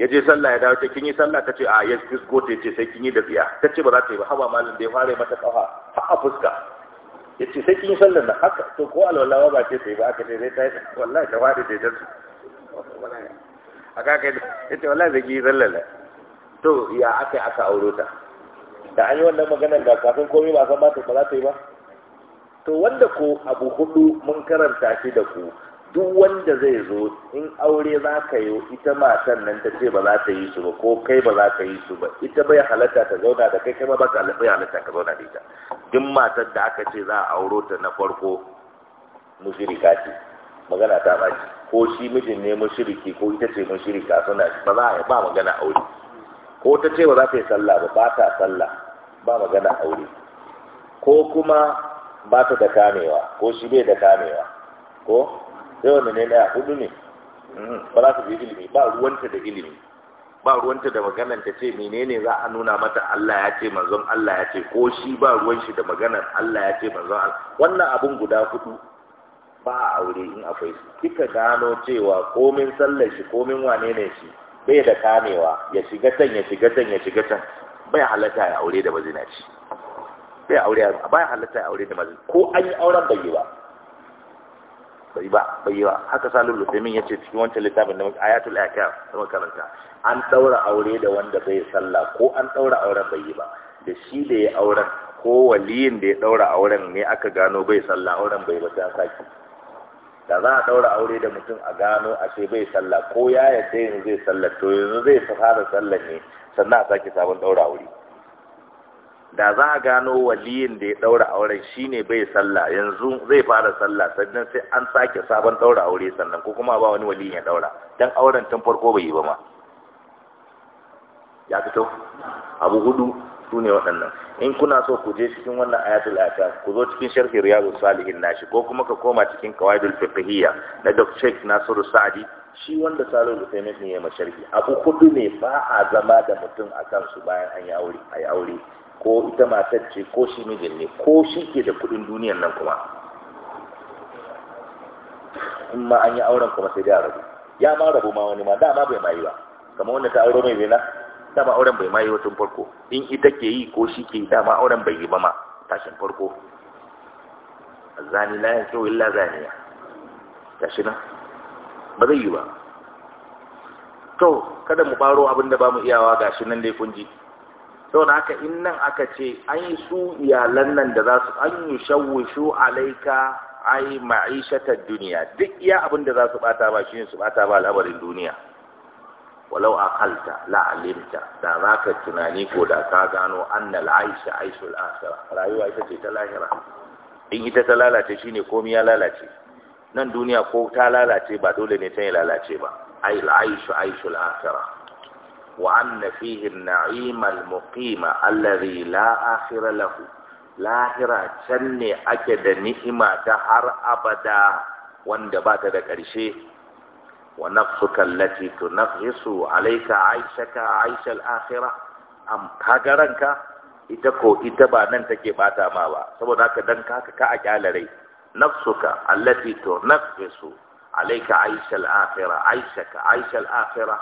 ya je sallah ya dawo ta kin yi sallah ta ce a yes please go ta ce sai kin yi da biya ta ce ba za ta yi ba haba malam da ya fara mata kafa har a fuska ya ce sai kin sallar da haka to ko alwala ba ce sai ba aka ce sai ta yi wallahi ta faɗi sai ta a kai ya ce wallahi zai yi sallar da to ya aka aka auro ta da an yi wannan maganar da kafin komai ba san ba ta ba ta yi ba to wanda ko abu hudu mun karanta shi da ku duk wanda zai zo in aure za ka yi ita matan nan ta ce ba za ta yi su ba ko kai ba za ka yi su ba ita bai halatta ta zauna da kai kai ba ka bai halatta ka zauna da ita duk matar da aka ce za a auro ta na farko mushrika ce magana ta baki ko shi mijin ne mushriki ko ita ce mushrika suna ba za a ba magana aure ko ta ce ba za ta yi sallah ba ba ta sallah ba magana aure ko kuma ba ta da kamewa ko shi bai da kamewa ko sai wanda ne ɗaya hudu ne mm. ba za ta bi ilimi ba ruwanta da ilimi ba ruwanta da maganar ta ce menene za a nuna mata Allah ya ce manzon Allah ya ce ko shi ba ruwan shi da maganar Allah ya ce manzon Allah wannan abun guda hudu ba a aure in akwai su kika gano cewa komin sallar shi komin wane ne shi bai da kamewa ya shiga can ya shiga can ya shiga can bai halatta ya aure da mazinaci bai aure ba halatta ya aure da mazinaci ko an yi auren bai yi ba bai ba bai ba haka salul ya ce cikin wancan littafin da ayatul aka da makaranta an ɗaura aure da wanda bai sallah ko an daura auren bai yi ba da shi da ya auren ko waliyin da ya ɗaura auren ne aka gano bai sallah auren bai ba sai saki da za a daura aure da mutum a gano a ce bai sallah ko ya yadda yanzu zai sallar to yanzu zai fara sallar ne sannan a saki sabon ɗaura aure da za a gano waliyin da ya ɗaura auren shine bai sallah yanzu zai fara sallah sannan sai an sake sabon daura aure sannan ko kuma ba wani waliyin ya daura dan auren tun farko bai yi ba ma ya fito abu hudu su ne waɗannan in kuna so ku je cikin wannan ayatul ata ku zo cikin sharhi riyadu salihin nashi ko kuma ka koma cikin qawaidul fiqhiyya na Dr. Sheikh Nasiru Sa'di shi wanda salo da sai mutum ya masharhi abu kudu ne ba a zama da mutum a kan su bayan an yi aure a yi aure ko ita matar ce ko shi mijin ne ko shi ke da kudin duniyan nan kuma in ma an yi auren kuma sai a rabu ya ma rabu ma wani ma dama bai ma yi ba kamar wanda ta auro mai zina dama auren bai ma yi tun farko in ita ke yi ko shi ke yi dama auren bai yi ba ma tashin farko zani la yanzu illa zaniya shi nan ba zai yi ba to kada mu baro abin da ba mu iyawa ga shi nan dai kun ji saboda haka in nan aka ce an yi su iyalan nan da za su an yi shawushu alaika ai ma'ishatar duniya duk iya abin da za su bata ba shi su bata ba al'amarin duniya walau a kalta la'alimta da za ka tunani ko da ka gano annal aisha aishul akhirah rayuwa ita ce ta lahira in ita ta lalace shine komai ya lalace nan duniya ko ta lalace ba dole ne ta yi lalace ba ayil aishu aishul akhirah wa anna fihi naim al-muqima alladhi la akhira lahu lahira can ne ake da ni'ima ta har abada wanda ba ta da ƙarshe wa nafsuka allati tunafhisu alayka aishaka aishal akhirah am kagaranka ita ko ita ba nan take bata ma ba saboda haka dan ka ka a kyalarai nafsuka allati tunaffisu alayka aisha al-akhirah aishaka aisha al-akhirah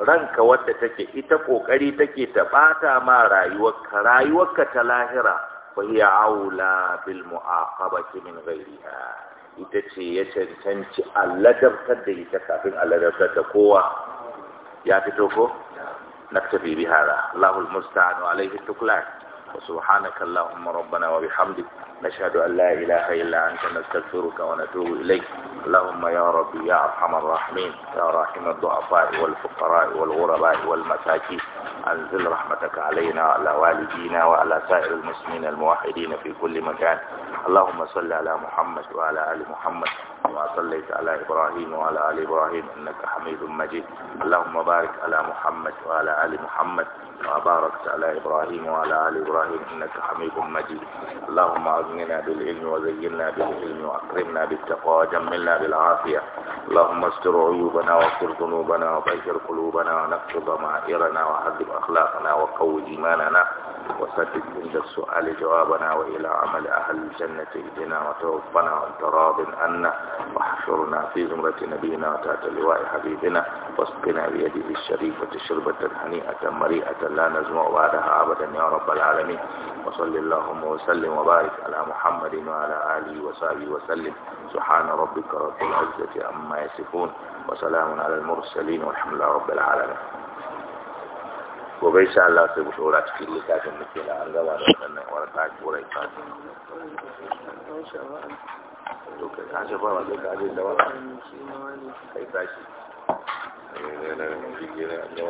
ranka wadda take ita kokari take ta bata ma rayuwarka rayuwarka ta lahira fa hiya aula bil mu'aqabati min ghayriha ita ce ya cancanci alladabtar da ita kafin alladabtar da kowa ya fito ko نكتفي بهذا الله المستعان وعليه التكلان وسبحانك اللهم ربنا وبحمدك نشهد أن لا إله إلا أنت نستغفرك ونتوب إليك اللهم يا ربي يا أرحم الراحمين يا راحم الضعفاء والفقراء والغرباء والمساكين أنزل رحمتك علينا وعلى والدينا وعلى سائر المسلمين الموحدين في كل مكان اللهم صل على محمد وعلى آل محمد كما صليت على إبراهيم وعلى آل إبراهيم إنك حميد مجيد اللهم بارك على محمد وعلى آل محمد وباركت على إبراهيم وعلى آل إبراهيم إنك حميد مجيد اللهم أغننا بالعلم وزينا بالعلم وأكرمنا بالتقوى وجملنا بالعافية اللهم استر عيوبنا واغفر ذنوبنا وبشر قلوبنا ونقض ضمائرنا وحذر وحسب أخلاقنا وقوي إيماننا وسدد عند السؤال جوابنا وإلى عمل أهل الجنة إهدنا وتوفنا وأنت راض عنا وحشرنا في زمرة نبينا وتحت لواء حبيبنا واسقنا بيده الشريفة شربة هنيئة مريئة لا نزمع بعدها أبدا يا رب العالمين وصل اللهم وسلم وبارك على محمد وعلى آله وصحبه وسلم سبحان ربك رب العزة عما يصفون وسلام على المرسلين والحمد لله رب العالمين gobe sha Allah sai mu dora cikin littafin muke na an gama da wannan warka turai ta to kai ka ba da kaje da kai tashi ne ne